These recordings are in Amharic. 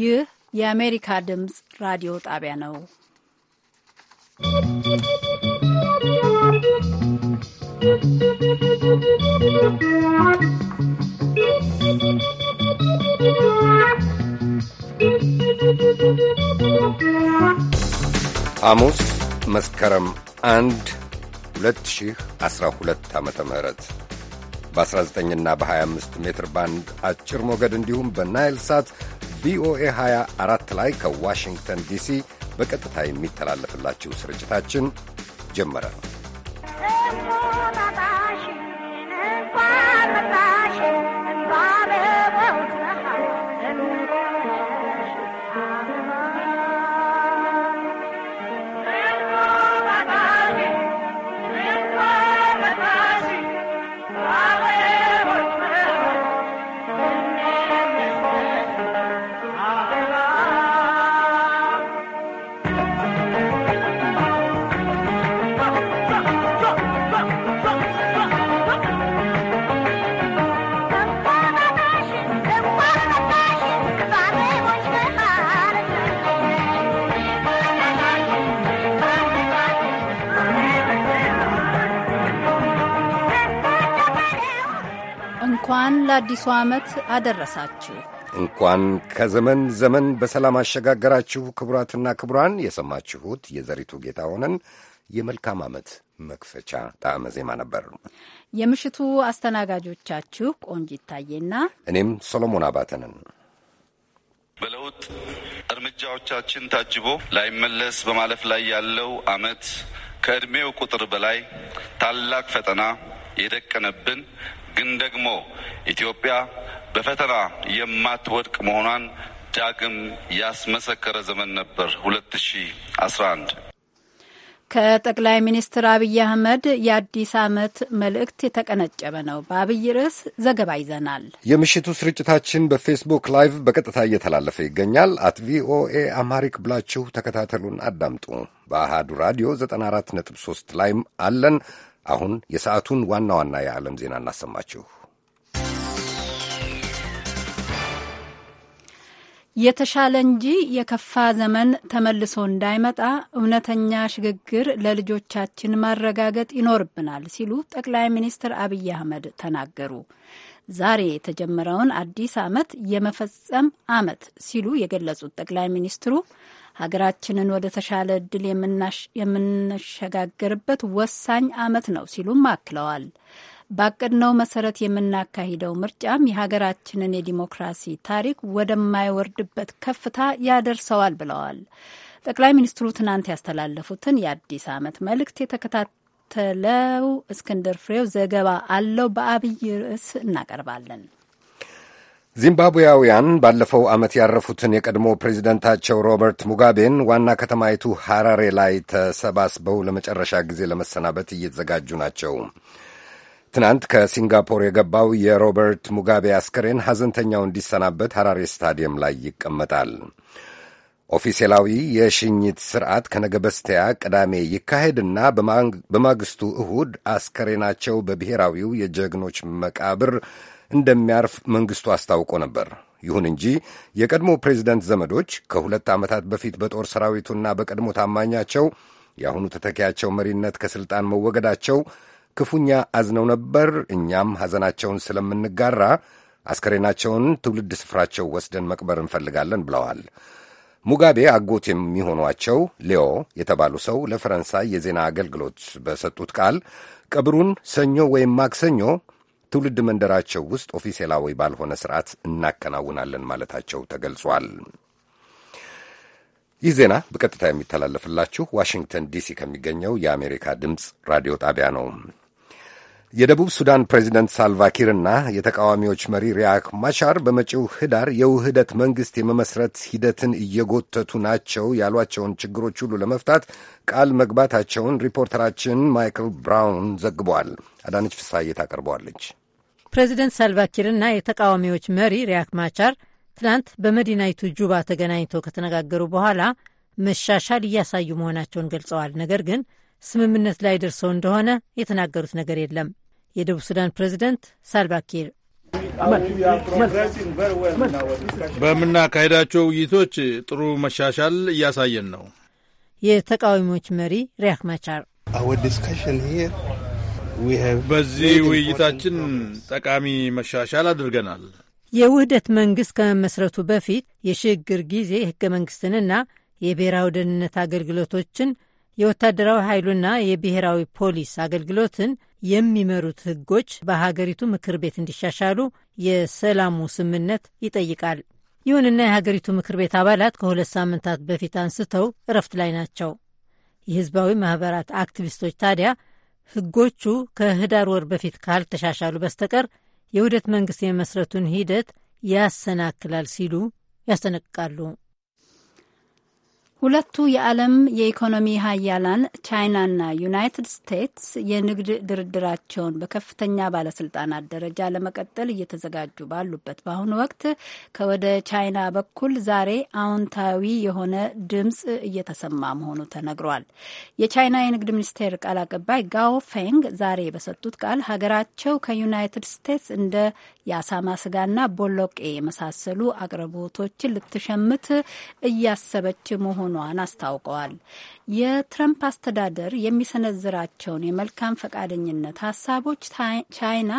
ይህ የአሜሪካ ድምፅ ራዲዮ ጣቢያ ነው። ሐሙስ መስከረም 1 2012 ዓ ም በ19ና በ25 ሜትር ባንድ አጭር ሞገድ እንዲሁም በናይል ሳት ቪኦኤ 24 ላይ ከዋሽንግተን ዲሲ በቀጥታ የሚተላለፍላችሁ ስርጭታችን ጀመረ። ለአዲሱ ዓመት አደረሳችሁ። እንኳን ከዘመን ዘመን በሰላም አሸጋገራችሁ። ክቡራትና ክቡራን፣ የሰማችሁት የዘሪቱ ሆነን የመልካም ዓመት መክፈቻ ጣዕመ ዜማ ነበር። የምሽቱ አስተናጋጆቻችሁ ቆንጅ ይታየና እኔም ሶሎሞን አባተንን በለውጥ እርምጃዎቻችን ታጅቦ ላይመለስ በማለፍ ላይ ያለው ዓመት ከዕድሜው ቁጥር በላይ ታላቅ ፈተና የደቀነብን ግን ደግሞ ኢትዮጵያ በፈተና የማትወድቅ መሆኗን ዳግም ያስመሰከረ ዘመን ነበር 2011 ከጠቅላይ ሚኒስትር አብይ አህመድ የአዲስ ዓመት መልእክት የተቀነጨበ ነው። በአብይ ርዕስ ዘገባ ይዘናል። የምሽቱ ስርጭታችን በፌስቡክ ላይቭ በቀጥታ እየተላለፈ ይገኛል። አት ቪኦኤ አማሪክ ብላችሁ ተከታተሉን፣ አዳምጡ። በአሃዱ ራዲዮ 94.3 ላይም አለን። አሁን የሰዓቱን ዋና ዋና የዓለም ዜና እናሰማችሁ። የተሻለ እንጂ የከፋ ዘመን ተመልሶ እንዳይመጣ እውነተኛ ሽግግር ለልጆቻችን ማረጋገጥ ይኖርብናል ሲሉ ጠቅላይ ሚኒስትር አብይ አህመድ ተናገሩ። ዛሬ የተጀመረውን አዲስ ዓመት የመፈጸም ዓመት ሲሉ የገለጹት ጠቅላይ ሚኒስትሩ ሀገራችንን ወደ ተሻለ እድል የምንሸጋግርበት ወሳኝ ዓመት ነው ሲሉም አክለዋል። ባቀድነው መሰረት የምናካሂደው ምርጫም የሀገራችንን የዲሞክራሲ ታሪክ ወደማይወርድበት ከፍታ ያደርሰዋል ብለዋል። ጠቅላይ ሚኒስትሩ ትናንት ያስተላለፉትን የአዲስ ዓመት መልእክት የተከታተለው እስክንድር ፍሬው ዘገባ አለው። በአብይ ርዕስ እናቀርባለን። ዚምባብዌያውያን ባለፈው ዓመት ያረፉትን የቀድሞ ፕሬዚደንታቸው ሮበርት ሙጋቤን ዋና ከተማይቱ ሐራሬ ላይ ተሰባስበው ለመጨረሻ ጊዜ ለመሰናበት እየተዘጋጁ ናቸው። ትናንት ከሲንጋፖር የገባው የሮበርት ሙጋቤ አስከሬን ሐዘንተኛው እንዲሰናበት ሐራሬ ስታዲየም ላይ ይቀመጣል። ኦፊሴላዊ የሽኝት ስርዓት ከነገ በስቲያ ቅዳሜ ይካሄድና በማግስቱ እሁድ አስከሬናቸው በብሔራዊው የጀግኖች መቃብር እንደሚያርፍ መንግሥቱ አስታውቆ ነበር። ይሁን እንጂ የቀድሞ ፕሬዚደንት ዘመዶች ከሁለት ዓመታት በፊት በጦር ሰራዊቱና በቀድሞ ታማኛቸው የአሁኑ ተተኪያቸው መሪነት ከሥልጣን መወገዳቸው ክፉኛ አዝነው ነበር። እኛም ሐዘናቸውን ስለምንጋራ አስከሬናቸውን ትውልድ ስፍራቸው ወስደን መቅበር እንፈልጋለን ብለዋል። ሙጋቤ አጎት የሚሆኗቸው ሌዮ የተባሉ ሰው ለፈረንሳይ የዜና አገልግሎት በሰጡት ቃል ቀብሩን ሰኞ ወይም ማክሰኞ ትውልድ መንደራቸው ውስጥ ኦፊሴላዊ ባልሆነ ስርዓት እናከናውናለን ማለታቸው ተገልጿል። ይህ ዜና በቀጥታ የሚተላለፍላችሁ ዋሽንግተን ዲሲ ከሚገኘው የአሜሪካ ድምፅ ራዲዮ ጣቢያ ነው። የደቡብ ሱዳን ፕሬዚደንት ሳልቫኪርና የተቃዋሚዎች መሪ ሪያክ ማቻር በመጪው ህዳር የውህደት መንግሥት የመመስረት ሂደትን እየጎተቱ ናቸው ያሏቸውን ችግሮች ሁሉ ለመፍታት ቃል መግባታቸውን ሪፖርተራችን ማይክል ብራውን ዘግቧል። አዳነች ፍሳዬ ታቀርበዋለች። ፕሬዚደንት ሳልቫኪርና የተቃዋሚዎች መሪ ሪያክ ማቻር ትላንት በመዲናይቱ ጁባ ተገናኝተው ከተነጋገሩ በኋላ መሻሻል እያሳዩ መሆናቸውን ገልጸዋል። ነገር ግን ስምምነት ላይ ደርሰው እንደሆነ የተናገሩት ነገር የለም። የደቡብ ሱዳን ፕሬዚደንት ሳልቫኪር በምናካሄዳቸው ውይይቶች ጥሩ መሻሻል እያሳየን ነው። የተቃዋሚዎች መሪ ሪያክ ማቻር በዚህ ውይይታችን ጠቃሚ መሻሻል አድርገናል። የውህደት መንግሥት ከመመስረቱ በፊት የሽግግር ጊዜ ሕገ መንግሥትንና የብሔራዊ ደህንነት አገልግሎቶችን የወታደራዊ ኃይሉና የብሔራዊ ፖሊስ አገልግሎትን የሚመሩት ሕጎች በሀገሪቱ ምክር ቤት እንዲሻሻሉ የሰላሙ ስምምነት ይጠይቃል። ይሁንና የሀገሪቱ ምክር ቤት አባላት ከሁለት ሳምንታት በፊት አንስተው እረፍት ላይ ናቸው። የህዝባዊ ማኅበራት አክቲቪስቶች ታዲያ ህጎቹ ከህዳር ወር በፊት ካልተሻሻሉ በስተቀር የውህደት መንግስት የመስረቱን ሂደት ያሰናክላል ሲሉ ያስጠነቅቃሉ። ሁለቱ የዓለም የኢኮኖሚ ሀያላን ቻይናና ዩናይትድ ስቴትስ የንግድ ድርድራቸውን በከፍተኛ ባለስልጣናት ደረጃ ለመቀጠል እየተዘጋጁ ባሉበት በአሁኑ ወቅት ከወደ ቻይና በኩል ዛሬ አዎንታዊ የሆነ ድምፅ እየተሰማ መሆኑ ተነግሯል። የቻይና የንግድ ሚኒስቴር ቃል አቀባይ ጋኦ ፌንግ ዛሬ በሰጡት ቃል ሀገራቸው ከዩናይትድ ስቴትስ እንደ የአሳማ ስጋና ቦሎቄ የመሳሰሉ አቅርቦቶችን ልትሸምት እያሰበች መሆኗን አስታውቀዋል። የትረምፕ አስተዳደር የሚሰነዝራቸውን የመልካም ፈቃደኝነት ሀሳቦች ቻይና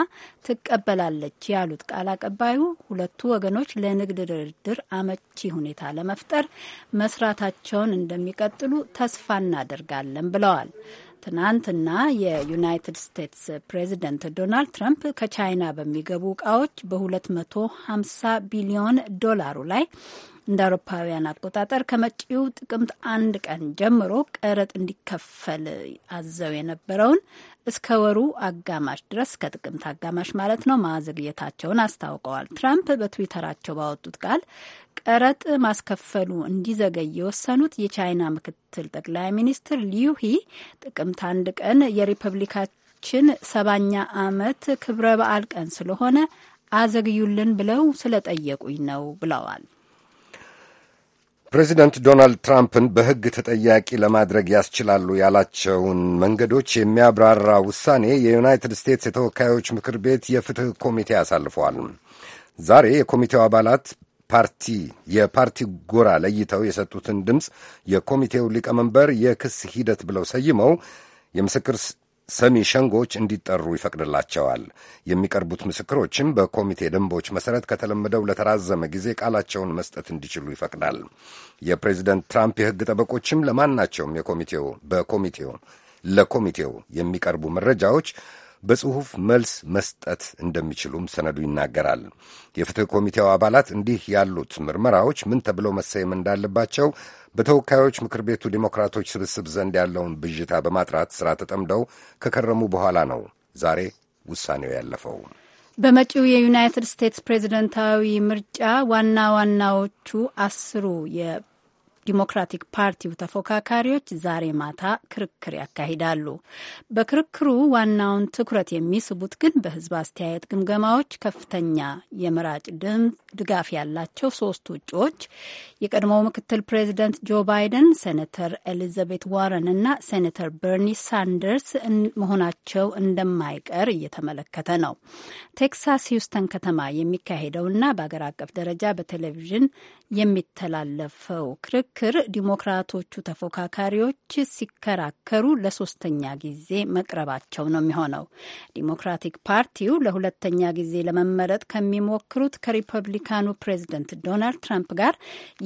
ትቀበላለች ያሉት ቃል አቀባዩ ሁለቱ ወገኖች ለንግድ ድርድር አመቺ ሁኔታ ለመፍጠር መስራታቸውን እንደሚቀጥሉ ተስፋ እናደርጋለን ብለዋል። ትናንትና የዩናይትድ ስቴትስ ፕሬዚደንት ዶናልድ ትራምፕ ከቻይና በሚገቡ እቃዎች በ250 ቢሊዮን ዶላሩ ላይ እንደ አውሮፓውያን አቆጣጠር ከመጪው ጥቅምት አንድ ቀን ጀምሮ ቀረጥ እንዲከፈል አዘው የነበረውን እስከ ወሩ አጋማሽ ድረስ ከጥቅምት አጋማሽ ማለት ነው ማዘግየታቸውን አስታውቀዋል። ትራምፕ በትዊተራቸው ባወጡት ቃል ቀረጥ ማስከፈሉ እንዲዘገይ የወሰኑት የቻይና ምክትል ጠቅላይ ሚኒስትር ሊዩሂ ጥቅምት አንድ ቀን የሪፐብሊካችን ሰባኛ ዓመት ክብረ በዓል ቀን ስለሆነ አዘግዩልን ብለው ስለጠየቁኝ ነው ብለዋል። ፕሬዚደንት ዶናልድ ትራምፕን በሕግ ተጠያቂ ለማድረግ ያስችላሉ ያላቸውን መንገዶች የሚያብራራ ውሳኔ የዩናይትድ ስቴትስ የተወካዮች ምክር ቤት የፍትሕ ኮሚቴ አሳልፈዋል። ዛሬ የኮሚቴው አባላት ፓርቲ የፓርቲ ጎራ ለይተው የሰጡትን ድምፅ የኮሚቴው ሊቀመንበር የክስ ሂደት ብለው ሰይመው ሰሚ ሸንጎች እንዲጠሩ ይፈቅድላቸዋል። የሚቀርቡት ምስክሮችም በኮሚቴ ደንቦች መሠረት ከተለመደው ለተራዘመ ጊዜ ቃላቸውን መስጠት እንዲችሉ ይፈቅዳል። የፕሬዚደንት ትራምፕ የሕግ ጠበቆችም ለማናቸውም የኮሚቴው በኮሚቴው ለኮሚቴው የሚቀርቡ መረጃዎች በጽሑፍ መልስ መስጠት እንደሚችሉም ሰነዱ ይናገራል። የፍትህ ኮሚቴው አባላት እንዲህ ያሉት ምርመራዎች ምን ተብለው መሰየም እንዳለባቸው በተወካዮች ምክር ቤቱ ዴሞክራቶች ስብስብ ዘንድ ያለውን ብዥታ በማጥራት ሥራ ተጠምደው ከከረሙ በኋላ ነው ዛሬ ውሳኔው ያለፈው። በመጪው የዩናይትድ ስቴትስ ፕሬዝደንታዊ ምርጫ ዋና ዋናዎቹ አስሩ ዲሞክራቲክ ፓርቲው ተፎካካሪዎች ዛሬ ማታ ክርክር ያካሂዳሉ። በክርክሩ ዋናውን ትኩረት የሚስቡት ግን በህዝብ አስተያየት ግምገማዎች ከፍተኛ የመራጭ ድጋፍ ያላቸው ሶስት ውጭዎች የቀድሞው ምክትል ፕሬዚደንት ጆ ባይደን፣ ሴኔተር ኤሊዛቤት ዋረን እና ሴኔተር በርኒ ሳንደርስ መሆናቸው እንደማይቀር እየተመለከተ ነው። ቴክሳስ ሂውስተን ከተማ የሚካሄደውና በአገር አቀፍ ደረጃ በቴሌቪዥን የሚተላለፈው ክርክር ዲሞክራቶቹ ተፎካካሪዎች ሲከራከሩ ለሶስተኛ ጊዜ መቅረባቸው ነው የሚሆነው። ዲሞክራቲክ ፓርቲው ለሁለተኛ ጊዜ ለመመረጥ ከሚሞክሩት ከሪፐብሊካኑ ፕሬዚደንት ዶናልድ ትራምፕ ጋር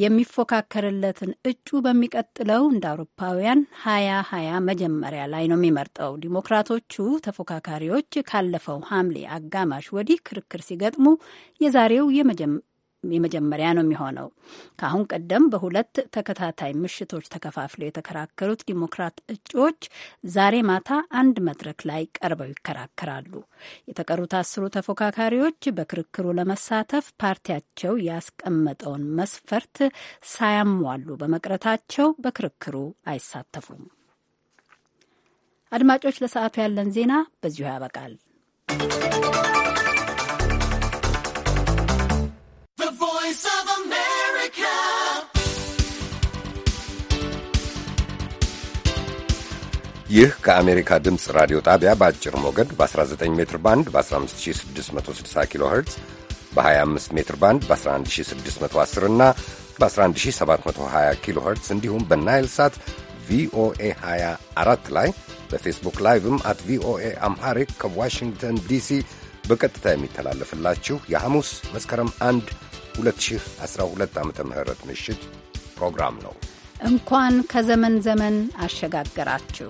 የሚፎካከርለትን እጩ በሚቀጥለው እንደ አውሮፓውያን ሀያ ሀያ መጀመሪያ ላይ ነው የሚመርጠው። ዲሞክራቶቹ ተፎካካሪዎች ካለፈው ሐምሌ አጋማሽ ወዲህ ክርክር ሲገጥሙ የዛሬው የመጀመሪያ ነው የሚሆነው። ከአሁን ቀደም በሁለት ተከታታይ ምሽቶች ተከፋፍለው የተከራከሩት ዲሞክራት እጩዎች ዛሬ ማታ አንድ መድረክ ላይ ቀርበው ይከራከራሉ። የተቀሩት አስሩ ተፎካካሪዎች በክርክሩ ለመሳተፍ ፓርቲያቸው ያስቀመጠውን መስፈርት ሳያሟሉ በመቅረታቸው በክርክሩ አይሳተፉም። አድማጮች፣ ለሰዓቱ ያለን ዜና በዚሁ ያበቃል። ይህ ከአሜሪካ ድምፅ ራዲዮ ጣቢያ በአጭር ሞገድ በ19 ሜትር ባንድ በ15660 ኪሎ ኸርትዝ በ25 ሜትር ባንድ በ11610 እና በ11720 ኪሎ ኸርትዝ እንዲሁም በናይል ሳት ቪኦኤ 24 ላይ በፌስቡክ ላይቭም አት ቪኦኤ አምሃሪክ ከዋሽንግተን ዲሲ በቀጥታ የሚተላለፍላችሁ የሐሙስ መስከረም 1 2012 ዓ ም ምሽት ፕሮግራም ነው። እንኳን ከዘመን ዘመን አሸጋገራችሁ።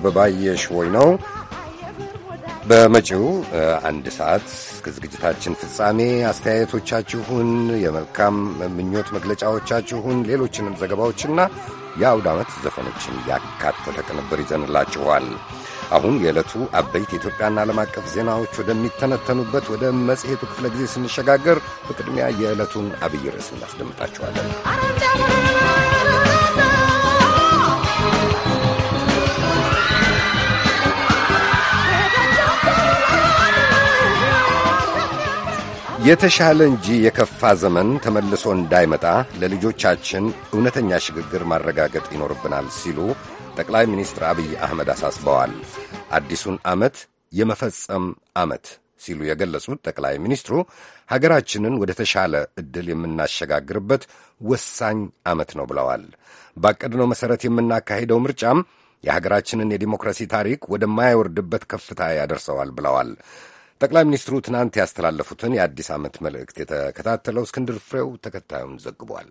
አበባየሽ ወይ ነው። በመጪው አንድ ሰዓት ከዝግጅታችን ዝግጅታችን ፍጻሜ አስተያየቶቻችሁን፣ የመልካም ምኞት መግለጫዎቻችሁን፣ ሌሎችንም ዘገባዎችና የአውድ ዓመት ዘፈኖችን ያካተተ ቅንብር ይዘንላችኋል። አሁን የዕለቱ አበይት የኢትዮጵያና ዓለም አቀፍ ዜናዎች ወደሚተነተኑበት ወደ መጽሔቱ ክፍለ ጊዜ ስንሸጋገር በቅድሚያ የዕለቱን አብይ ርዕስ እናስደምጣችኋለን። የተሻለ እንጂ የከፋ ዘመን ተመልሶ እንዳይመጣ ለልጆቻችን እውነተኛ ሽግግር ማረጋገጥ ይኖርብናል ሲሉ ጠቅላይ ሚኒስትር አብይ አህመድ አሳስበዋል። አዲሱን ዓመት የመፈጸም ዓመት ሲሉ የገለጹት ጠቅላይ ሚኒስትሩ ሀገራችንን ወደ ተሻለ ዕድል የምናሸጋግርበት ወሳኝ ዓመት ነው ብለዋል። ባቀድነው መሠረት የምናካሄደው ምርጫም የሀገራችንን የዲሞክራሲ ታሪክ ወደማይወርድበት ከፍታ ያደርሰዋል ብለዋል። ጠቅላይ ሚኒስትሩ ትናንት ያስተላለፉትን የአዲስ ዓመት መልእክት የተከታተለው እስክንድር ፍሬው ተከታዩን ዘግቧል።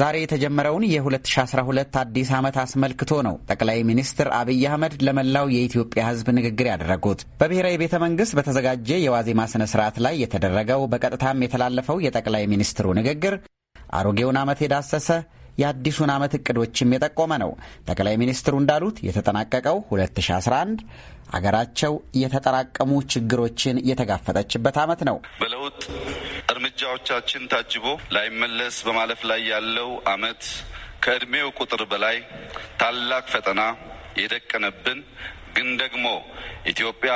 ዛሬ የተጀመረውን የ2012 አዲስ ዓመት አስመልክቶ ነው ጠቅላይ ሚኒስትር አብይ አህመድ ለመላው የኢትዮጵያ ሕዝብ ንግግር ያደረጉት። በብሔራዊ ቤተ መንግሥት በተዘጋጀ የዋዜማ ሥነ ሥርዓት ላይ የተደረገው በቀጥታም የተላለፈው የጠቅላይ ሚኒስትሩ ንግግር አሮጌውን ዓመት የዳሰሰ የአዲሱን ዓመት እቅዶችም የጠቆመ ነው። ጠቅላይ ሚኒስትሩ እንዳሉት የተጠናቀቀው 2011 አገራቸው የተጠራቀሙ ችግሮችን የተጋፈጠችበት ዓመት ነው። በለውጥ እርምጃዎቻችን ታጅቦ ላይመለስ በማለፍ ላይ ያለው ዓመት ከእድሜው ቁጥር በላይ ታላቅ ፈተና የደቀነብን ግን ደግሞ ኢትዮጵያ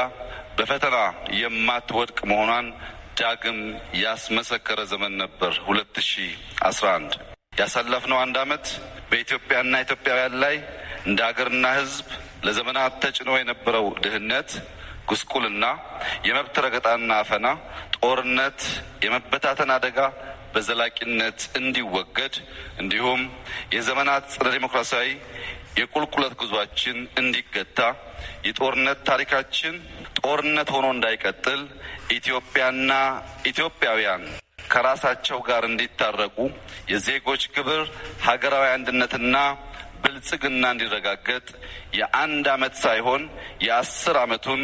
በፈተና የማትወድቅ መሆኗን ዳግም ያስመሰከረ ዘመን ነበር። 2011 አንድ ያሳለፍነው አንድ ዓመት በኢትዮጵያና ኢትዮጵያውያን ላይ እንደ አገርና ሕዝብ ለዘመናት ተጭኖ የነበረው ድህነት፣ ጉስቁልና፣ የመብት ረገጣና አፈና፣ ጦርነት፣ የመበታተን አደጋ በዘላቂነት እንዲወገድ እንዲሁም የዘመናት ጸረ ዴሞክራሲያዊ የቁልቁለት ጉዟችን እንዲገታ የጦርነት ታሪካችን ጦርነት ሆኖ እንዳይቀጥል ኢትዮጵያና ኢትዮጵያውያን ከራሳቸው ጋር እንዲታረቁ የዜጎች ክብር፣ ሀገራዊ አንድነትና ብልጽግና እንዲረጋገጥ የአንድ ዓመት ሳይሆን የአስር ዓመቱን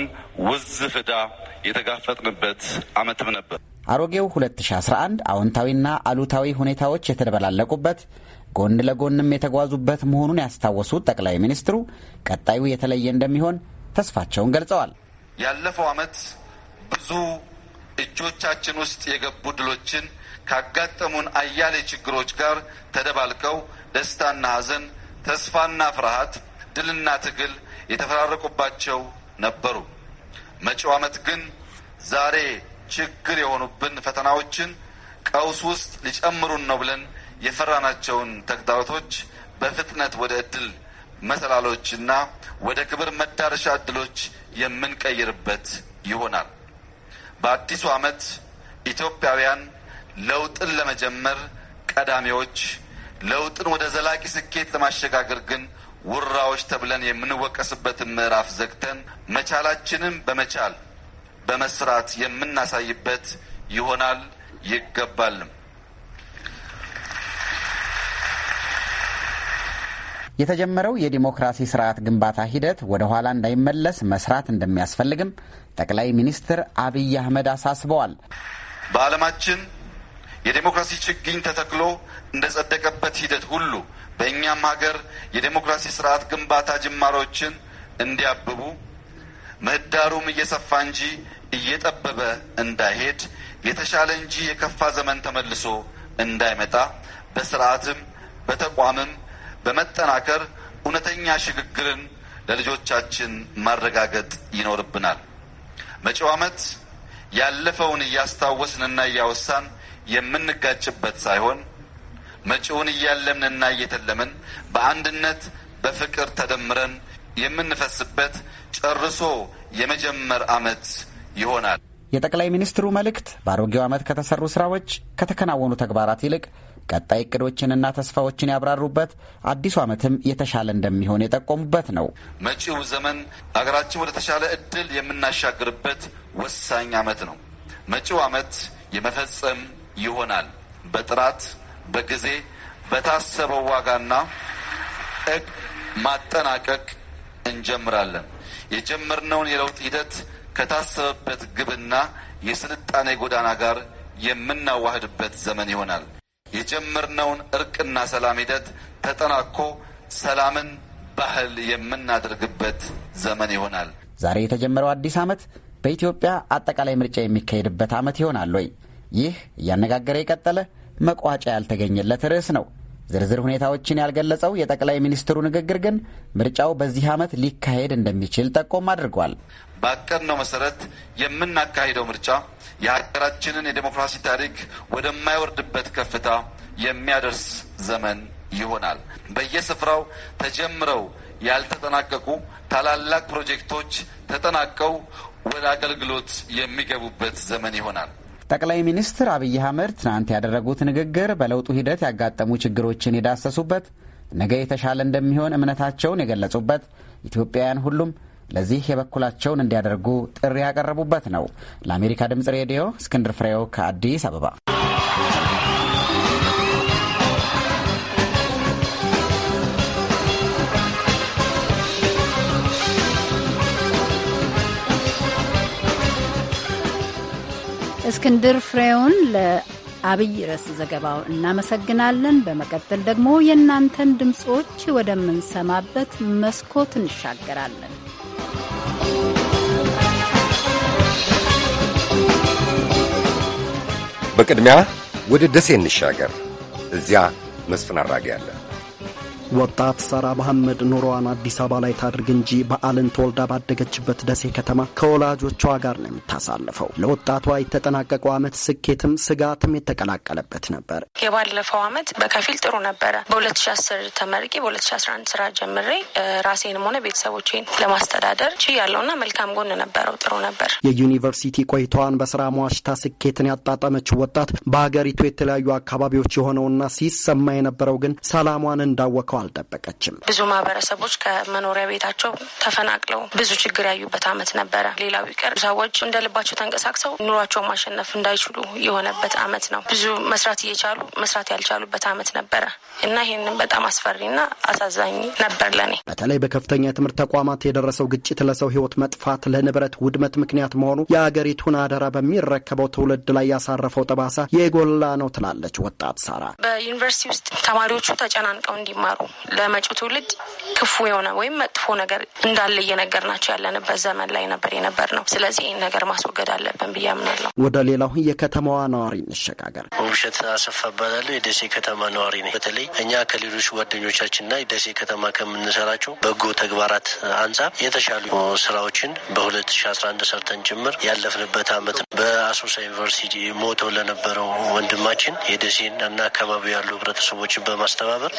ውዝ ፍዳ የተጋፈጥንበት ዓመትም ነበር። አሮጌው 2011 አዎንታዊና አሉታዊ ሁኔታዎች የተደበላለቁበት ጎን ለጎንም የተጓዙበት መሆኑን ያስታወሱት ጠቅላይ ሚኒስትሩ ቀጣዩ የተለየ እንደሚሆን ተስፋቸውን ገልጸዋል። ያለፈው ዓመት ብዙ እጆቻችን ውስጥ የገቡ ድሎችን ካጋጠሙን አያሌ ችግሮች ጋር ተደባልቀው ደስታና ሐዘን ተስፋና ፍርሃት፣ ድልና ትግል የተፈራረቁባቸው ነበሩ። መጪው ዓመት ግን ዛሬ ችግር የሆኑብን ፈተናዎችን ቀውስ ውስጥ ሊጨምሩን ነው ብለን የፈራናቸውን ተግዳሮቶች በፍጥነት ወደ እድል መሰላሎችና ወደ ክብር መዳረሻ እድሎች የምንቀይርበት ይሆናል። በአዲሱ ዓመት ኢትዮጵያውያን ለውጥን ለመጀመር ቀዳሚዎች ለውጥን ወደ ዘላቂ ስኬት ለማሸጋገር ግን ውራዎች ተብለን የምንወቀስበትን ምዕራፍ ዘግተን መቻላችንም በመቻል በመስራት የምናሳይበት ይሆናል ይገባልም። የተጀመረው የዲሞክራሲ ስርዓት ግንባታ ሂደት ወደ ኋላ እንዳይመለስ መስራት እንደሚያስፈልግም ጠቅላይ ሚኒስትር አብይ አህመድ አሳስበዋል። በዓለማችን የዴሞክራሲ ችግኝ ተተክሎ እንደጸደቀበት ሂደት ሁሉ በእኛም ሀገር የዴሞክራሲ ስርዓት ግንባታ ጅማሮችን እንዲያብቡ ምህዳሩም እየሰፋ እንጂ እየጠበበ እንዳይሄድ የተሻለ እንጂ የከፋ ዘመን ተመልሶ እንዳይመጣ በስርዓትም በተቋምም በመጠናከር እውነተኛ ሽግግርን ለልጆቻችን ማረጋገጥ ይኖርብናል። መጪው ዓመት ያለፈውን እያስታወስንና እያወሳን የምንጋጭበት ሳይሆን መጪውን እያለምንና እየተለምን በአንድነት በፍቅር ተደምረን የምንፈስበት ጨርሶ የመጀመር ዓመት ይሆናል። የጠቅላይ ሚኒስትሩ መልእክት በአሮጌው ዓመት ከተሰሩ ስራዎች፣ ከተከናወኑ ተግባራት ይልቅ ቀጣይ እቅዶችንና ተስፋዎችን ያብራሩበት፣ አዲሱ ዓመትም የተሻለ እንደሚሆን የጠቆሙበት ነው። መጪው ዘመን አገራችን ወደ ተሻለ እድል የምናሻግርበት ወሳኝ ዓመት ነው። መጪው ዓመት የመፈጸም ይሆናል። በጥራት በጊዜ በታሰበው ዋጋና እግ ማጠናቀቅ እንጀምራለን። የጀመርነውን የለውጥ ሂደት ከታሰበበት ግብና የስልጣኔ ጎዳና ጋር የምናዋህድበት ዘመን ይሆናል። የጀመርነውን እርቅና ሰላም ሂደት ተጠናኮ ሰላምን ባህል የምናደርግበት ዘመን ይሆናል። ዛሬ የተጀመረው አዲስ ዓመት በኢትዮጵያ አጠቃላይ ምርጫ የሚካሄድበት ዓመት ይሆናል ወይ? ይህ እያነጋገረ የቀጠለ መቋጫ ያልተገኘለት ርዕስ ነው። ዝርዝር ሁኔታዎችን ያልገለጸው የጠቅላይ ሚኒስትሩ ንግግር ግን ምርጫው በዚህ ዓመት ሊካሄድ እንደሚችል ጠቆም አድርጓል። ባቀድነው መሰረት የምናካሄደው ምርጫ የሀገራችንን የዴሞክራሲ ታሪክ ወደማይወርድበት ከፍታ የሚያደርስ ዘመን ይሆናል። በየስፍራው ተጀምረው ያልተጠናቀቁ ታላላቅ ፕሮጀክቶች ተጠናቀው ወደ አገልግሎት የሚገቡበት ዘመን ይሆናል። ጠቅላይ ሚኒስትር አብይ አህመድ ትናንት ያደረጉት ንግግር በለውጡ ሂደት ያጋጠሙ ችግሮችን የዳሰሱበት፣ ነገ የተሻለ እንደሚሆን እምነታቸውን የገለጹበት፣ ኢትዮጵያውያን ሁሉም ለዚህ የበኩላቸውን እንዲያደርጉ ጥሪ ያቀረቡበት ነው። ለአሜሪካ ድምፅ ሬዲዮ እስክንድር ፍሬው ከአዲስ አበባ እስክንድር ፍሬውን ለአብይ ርዕስ ዘገባው እናመሰግናለን። በመቀጠል ደግሞ የእናንተን ድምፆች ወደምንሰማበት መስኮት እንሻገራለን። በቅድሚያ ወደ ደሴ እንሻገር። እዚያ መስፍን አራጌ አለ። ወጣት ሰራ መሐመድ ኑሮዋን አዲስ አበባ ላይ ታድርግ እንጂ በዓልን ተወልዳ ባደገችበት ደሴ ከተማ ከወላጆቿ ጋር ነው የምታሳልፈው። ለወጣቷ የተጠናቀቀው ዓመት ስኬትም ስጋትም የተቀላቀለበት ነበር። የባለፈው ዓመት በከፊል ጥሩ ነበረ። በ2010 ተመርቄ በ2011 ስራ ጀምሬ ራሴንም ሆነ ቤተሰቦቼን ለማስተዳደር ች ያለውና መልካም ጎን ነበረው። ጥሩ ነበር። የዩኒቨርሲቲ ቆይታዋን በስራ መዋሽታ ስኬትን ያጣጠመችው ወጣት በሀገሪቱ የተለያዩ አካባቢዎች የሆነውና ሲሰማ የነበረው ግን ሰላሟን እንዳወከዋል አልጠበቀችም። ብዙ ማህበረሰቦች ከመኖሪያ ቤታቸው ተፈናቅለው ብዙ ችግር ያዩበት አመት ነበረ። ሌላው ይቀር ሰዎች እንደ ልባቸው ተንቀሳቅሰው ኑሯቸው ማሸነፍ እንዳይችሉ የሆነበት አመት ነው። ብዙ መስራት እየቻሉ መስራት ያልቻሉበት አመት ነበረ እና ይህንን በጣም አስፈሪና አሳዛኝ ነበር ለኔ። በተለይ በከፍተኛ የትምህርት ተቋማት የደረሰው ግጭት ለሰው ህይወት መጥፋት፣ ለንብረት ውድመት ምክንያት መሆኑ የአገሪቱን አደራ በሚረከበው ትውልድ ላይ ያሳረፈው ጠባሳ የጎላ ነው ትላለች ወጣት ሳራ። በዩኒቨርሲቲ ውስጥ ተማሪዎቹ ተጨናንቀው እንዲማሩ ለመጪው ትውልድ ክፉ የሆነ ወይም መጥፎ ነገር እንዳለ እየነገር ናቸው ያለንበት ዘመን ላይ ነበር የነበር ነው። ስለዚህ ይህን ነገር ማስወገድ አለብን ብዬ አምናለሁ። ወደ ሌላው የከተማዋ ነዋሪ እንሸጋገር። ውብሸት አሰፋ እባላለሁ። የደሴ ከተማ ነዋሪ ነኝ። በተለይ እኛ ከሌሎች ጓደኞቻችንና የደሴ ከተማ ከምንሰራቸው በጎ ተግባራት አንጻር የተሻሉ ስራዎችን በ2011 ሰርተን ጭምር ያለፍንበት አመት ነው። በአሶሳ ዩኒቨርሲቲ ሞቶ ለነበረው ወንድማችን የደሴን እና አካባቢ ያሉ ህብረተሰቦችን በማስተባበር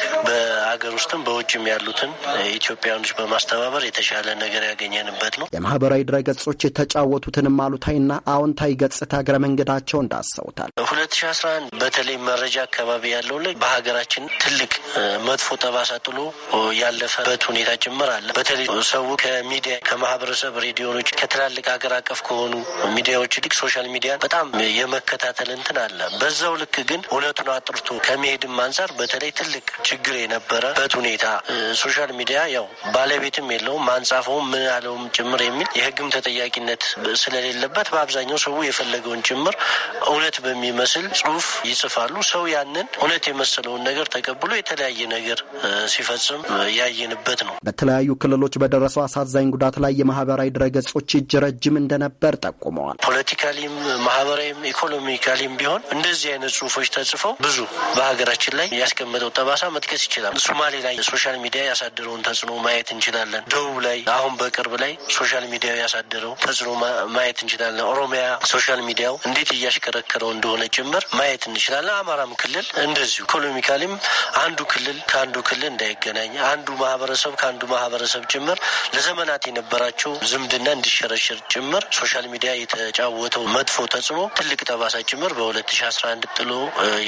በሀገር ውስጥም በውጭም ያሉትን ኢትዮጵያኖች በማስተባበር የተሻለ ነገር ያገኘንበት ነው። የማህበራዊ ድረገጾች ገጾች የተጫወቱትንም አሉታዊና አዎንታዊ ገጽታ እግረ መንገዳቸውን ዳሰውታል። ሁለት ሺ አስራ አንድ በተለይ መረጃ አካባቢ ያለው ላይ በሀገራችን ትልቅ መጥፎ ጠባሳ ጥሎ ያለፈበት ሁኔታ ጭምር አለ። በተለይ ሰው ከሚዲያ ከማህበረሰብ ሬዲዮኖች ከትላልቅ ሀገር አቀፍ ከሆኑ ሚዲያዎች ይልቅ ሶሻል ሚዲያ በጣም የመከታተል እንትን አለ። በዛው ልክ ግን እውነቱን አጥርቶ ከመሄድም አንጻር በተለይ ትልቅ ችግር የነበረ በነበረበት ሁኔታ ሶሻል ሚዲያ ያው ባለቤትም የለውም ማንጻፈው ምን ያለውም ጭምር የሚል የህግም ተጠያቂነት ስለሌለበት በአብዛኛው ሰው የፈለገውን ጭምር እውነት በሚመስል ጽሁፍ ይጽፋሉ። ሰው ያንን እውነት የመሰለውን ነገር ተቀብሎ የተለያየ ነገር ሲፈጽም ያየንበት ነው። በተለያዩ ክልሎች በደረሰው አሳዛኝ ጉዳት ላይ የማህበራዊ ድረገጾች እጅ ረጅም እንደነበር ጠቁመዋል። ፖለቲካሊም፣ ማህበራዊም፣ ኢኮኖሚካሊም ቢሆን እንደዚህ አይነት ጽሁፎች ተጽፈው ብዙ በሀገራችን ላይ ያስቀመጠው ጠባሳ መጥቀስ ይችላል። ሶማሌ ላይ ሶሻል ሚዲያ ያሳደረውን ተጽዕኖ ማየት እንችላለን። ደቡብ ላይ አሁን በቅርብ ላይ ሶሻል ሚዲያ ያሳደረው ተጽዕኖ ማየት እንችላለን። ኦሮሚያ ሶሻል ሚዲያው እንዴት እያሽከረከረው እንደሆነ ጭምር ማየት እንችላለን። አማራም ክልል እንደዚሁ ኢኮኖሚካሊም አንዱ ክልል ከአንዱ ክልል እንዳይገናኝ፣ አንዱ ማህበረሰብ ከአንዱ ማህበረሰብ ጭምር ለዘመናት የነበራቸው ዝምድና እንዲሸረሸር ጭምር ሶሻል ሚዲያ የተጫወተው መጥፎ ተጽዕኖ ትልቅ ጠባሳ ጭምር በ2011 ጥሎ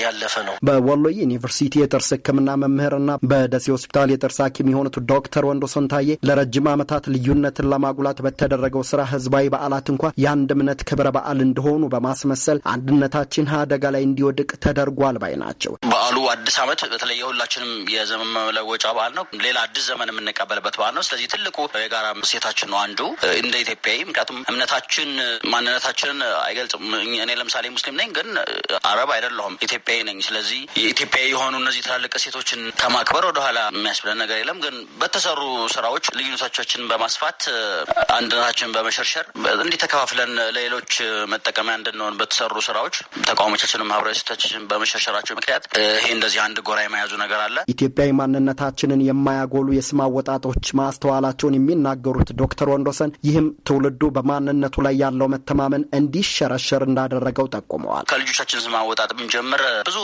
ያለፈ ነው። በወሎ ዩኒቨርሲቲ የጥርስ ሕክምና መምህርና በደሴ ሆስፒታል የጥርስ ሐኪም የሆኑት ዶክተር ወንዶ ሰንታዬ ለረጅም ዓመታት ልዩነትን ለማጉላት በተደረገው ስራ ህዝባዊ በዓላት እንኳ የአንድ እምነት ክብረ በዓል እንደሆኑ በማስመሰል አንድነታችን አደጋ ላይ እንዲወድቅ ተደርጓል ባይ ናቸው። በዓሉ አዲስ ዓመት በተለይ የሁላችንም የዘመን መለወጫ በዓል ነው። ሌላ አዲስ ዘመን የምንቀበልበት በዓል ነው። ስለዚህ ትልቁ የጋራ ሴታችን ነው አንዱ እንደ ኢትዮጵያዊ። ምክንያቱም እምነታችን ማንነታችንን አይገልጽም። እኔ ለምሳሌ ሙስሊም ነኝ፣ ግን አረብ አይደለሁም፣ ኢትዮጵያዊ ነኝ። ስለዚህ የኢትዮጵያዊ የሆኑ እነዚህ ትላልቅ ሴቶችን ከማክበር ወደኋላ የሚያስብለን ነገር የለም። ግን በተሰሩ ስራዎች ልዩነቶቻችን በማስፋት አንድነታችንን በመሸርሸር እንዲህ ተከፋፍለን ለሌሎች መጠቀሚያ እንድንሆን በተሰሩ ስራዎች ተቃውሞቻችንን፣ ማህበራዊ እሴቶቻችንን በመሸርሸራቸው ምክንያት ይሄ እንደዚህ አንድ ጎራ የመያዙ ነገር አለ። ኢትዮጵያዊ ማንነታችንን የማያጎሉ የስማ ወጣቶች ማስተዋላቸውን የሚናገሩት ዶክተር ወንዶሰን ይህም ትውልዱ በማንነቱ ላይ ያለው መተማመን እንዲሸረሸር እንዳደረገው ጠቁመዋል። ከልጆቻችን ስማ ወጣት ብንጀምር ብዙ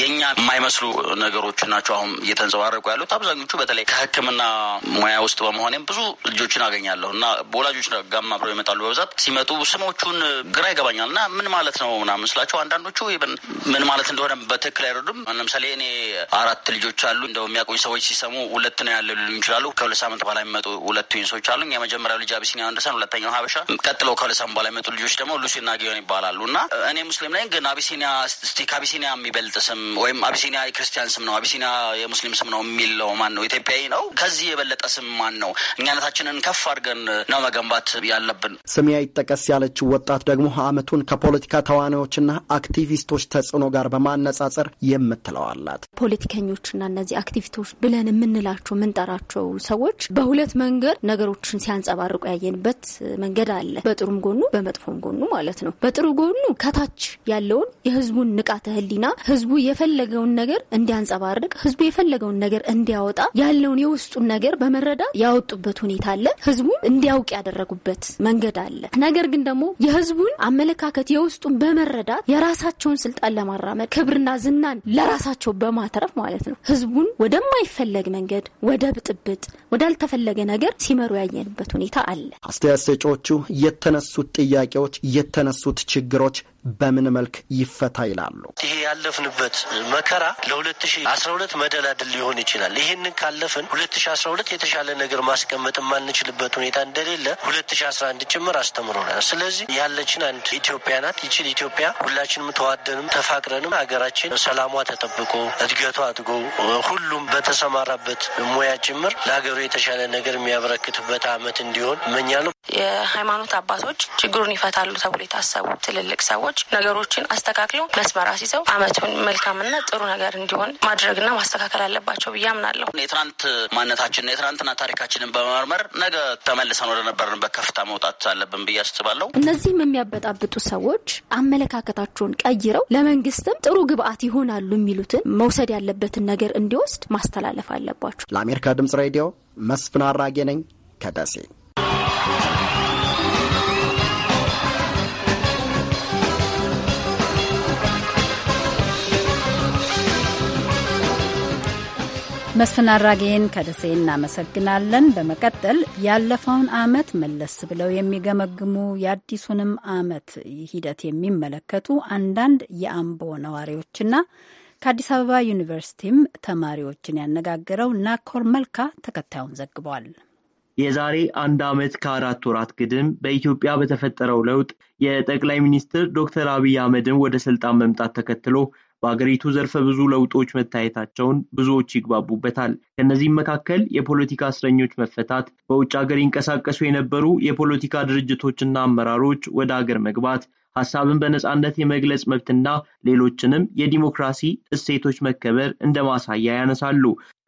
የእኛ የማይመስሉ ነገሮች ናቸው አሁን እየተንጸባ እየተፈራረቁ ያሉት አብዛኞቹ በተለይ ከህክምና ሙያ ውስጥ በመሆኔም ብዙ ልጆችን አገኛለሁ እና በወላጆች ጋርም አብረው ይመጣሉ። በብዛት ሲመጡ ስሞቹን ግራ ይገባኛል እና ምን ማለት ነው ምናምን ስላቸው አንዳንዶቹ ምን ማለት እንደሆነ በትክክል አይረዱም። ለምሳሌ እኔ አራት ልጆች አሉ እንደ የሚያቆኝ ሰዎች ሲሰሙ ሁለት ነው ያለ ልሉ ይችላሉ። ከሁለት ሳምንት በኋላ የሚመጡ ሁለቱ ዊንሶች አሉ የመጀመሪያው ልጅ አቢሲኒያ ወንደሰን፣ ሁለተኛው ሀበሻ። ቀጥለው ከሁለት ሳምንት በኋላ የሚመጡ ልጆች ደግሞ ሉሲና ጊዮን ይባላሉ እና እኔ ሙስሊም ነኝ ግን አቢሲኒያ ስቲክ አቢሲኒያ የሚበልጥ ስም ወይም አቢሲኒያ የክርስቲያን ስም ነው፣ አቢሲኒያ የሙስሊም ስም ነው ነው የሚለው ማን ነው? ኢትዮጵያዊ ነው። ከዚህ የበለጠ ስም ማን ነው? እኛነታችንን ከፍ አድርገን ነው መገንባት ያለብን። ስሜ ይጠቀስ ያለችው ወጣት ደግሞ አመቱን ከፖለቲካ ተዋናዮችና አክቲቪስቶች ተጽዕኖ ጋር በማነጻጸር የምትለው አላት። ፖለቲከኞችና እነዚህ አክቲቪስቶች ብለን የምንላቸው የምንጠራቸው ሰዎች በሁለት መንገድ ነገሮችን ሲያንጸባርቁ ያየንበት መንገድ አለ። በጥሩም ጎኑ በመጥፎም ጎኑ ማለት ነው። በጥሩ ጎኑ ከታች ያለውን የህዝቡን ንቃተ ህሊና ህዝቡ የፈለገውን ነገር እንዲያንጸባርቅ ህዝቡ የፈለገውን ነገር እንዲያወጣ ያለውን የውስጡን ነገር በመረዳት ያወጡበት ሁኔታ አለ። ህዝቡም እንዲያውቅ ያደረጉበት መንገድ አለ። ነገር ግን ደግሞ የህዝቡን አመለካከት የውስጡን በመረዳት የራሳቸውን ስልጣን ለማራመድ ክብርና ዝናን ለራሳቸው በማትረፍ ማለት ነው ህዝቡን ወደማይፈለግ መንገድ፣ ወደ ብጥብጥ፣ ወዳልተፈለገ ነገር ሲመሩ ያየንበት ሁኔታ አለ። አስተያየት ሰጪዎቹ የተነሱት ጥያቄዎች፣ የተነሱት ችግሮች በምን መልክ ይፈታ ይላሉ። ይሄ ያለፍንበት መከራ ለ 2012 አስራ መደላድል ሊሆን ይችላል። ይህንን ካለፍን 2012 የተሻለ ነገር ማስቀመጥ የማንችልበት ሁኔታ እንደሌለ 2011 ጭምር አስተምሮናል። ስለዚህ ያለችን አንድ ኢትዮጵያ ናት። ይችን ኢትዮጵያ ሁላችንም ተዋደንም ተፋቅረንም ሀገራችን ሰላሟ ተጠብቆ እድገቷ አድጎ ሁሉም በተሰማራበት ሙያ ጭምር ለሀገሩ የተሻለ ነገር የሚያበረክትበት አመት እንዲሆን እመኛለሁ። የሃይማኖት አባቶች ችግሩን ይፈታሉ ተብሎ የታሰቡ ትልልቅ ሰዎች ነገሮችን አስተካክለው መስመር አስይዘው አመቱን መልካምና ጥሩ ነገር እንዲሆን ማድረግና ማስተካከል አለባቸው ብዬ አምናለሁ። የትናንት ማንነታችንና የትናንትና ታሪካችንን በመመርመር ነገ ተመልሰን ወደነበርንበት ከፍታ መውጣት አለብን ብዬ አስባለሁ። እነዚህም የሚያበጣብጡ ሰዎች አመለካከታቸውን ቀይረው ለመንግስትም ጥሩ ግብአት ይሆናሉ የሚሉትን መውሰድ ያለበትን ነገር እንዲወስድ ማስተላለፍ አለባቸው። ለአሜሪካ ድምጽ ሬዲዮ መስፍን አራጌ ነኝ ከደሴ። መስፍን አራጌን ከደሴ እናመሰግናለን። በመቀጠል ያለፈውን ዓመት መለስ ብለው የሚገመግሙ የአዲሱንም ዓመት ሂደት የሚመለከቱ አንዳንድ የአምቦ ነዋሪዎችና ከአዲስ አበባ ዩኒቨርሲቲም ተማሪዎችን ያነጋገረው ናኮር መልካ ተከታዩን ዘግቧል። የዛሬ አንድ ዓመት ከአራት ወራት ግድም በኢትዮጵያ በተፈጠረው ለውጥ የጠቅላይ ሚኒስትር ዶክተር አብይ አህመድን ወደ ስልጣን መምጣት ተከትሎ በአገሪቱ ዘርፈ ብዙ ለውጦች መታየታቸውን ብዙዎች ይግባቡበታል። ከእነዚህም መካከል የፖለቲካ እስረኞች መፈታት፣ በውጭ ሀገር ይንቀሳቀሱ የነበሩ የፖለቲካ ድርጅቶችና አመራሮች ወደ አገር መግባት፣ ሀሳብን በነጻነት የመግለጽ መብትና ሌሎችንም የዲሞክራሲ እሴቶች መከበር እንደ ማሳያ ያነሳሉ።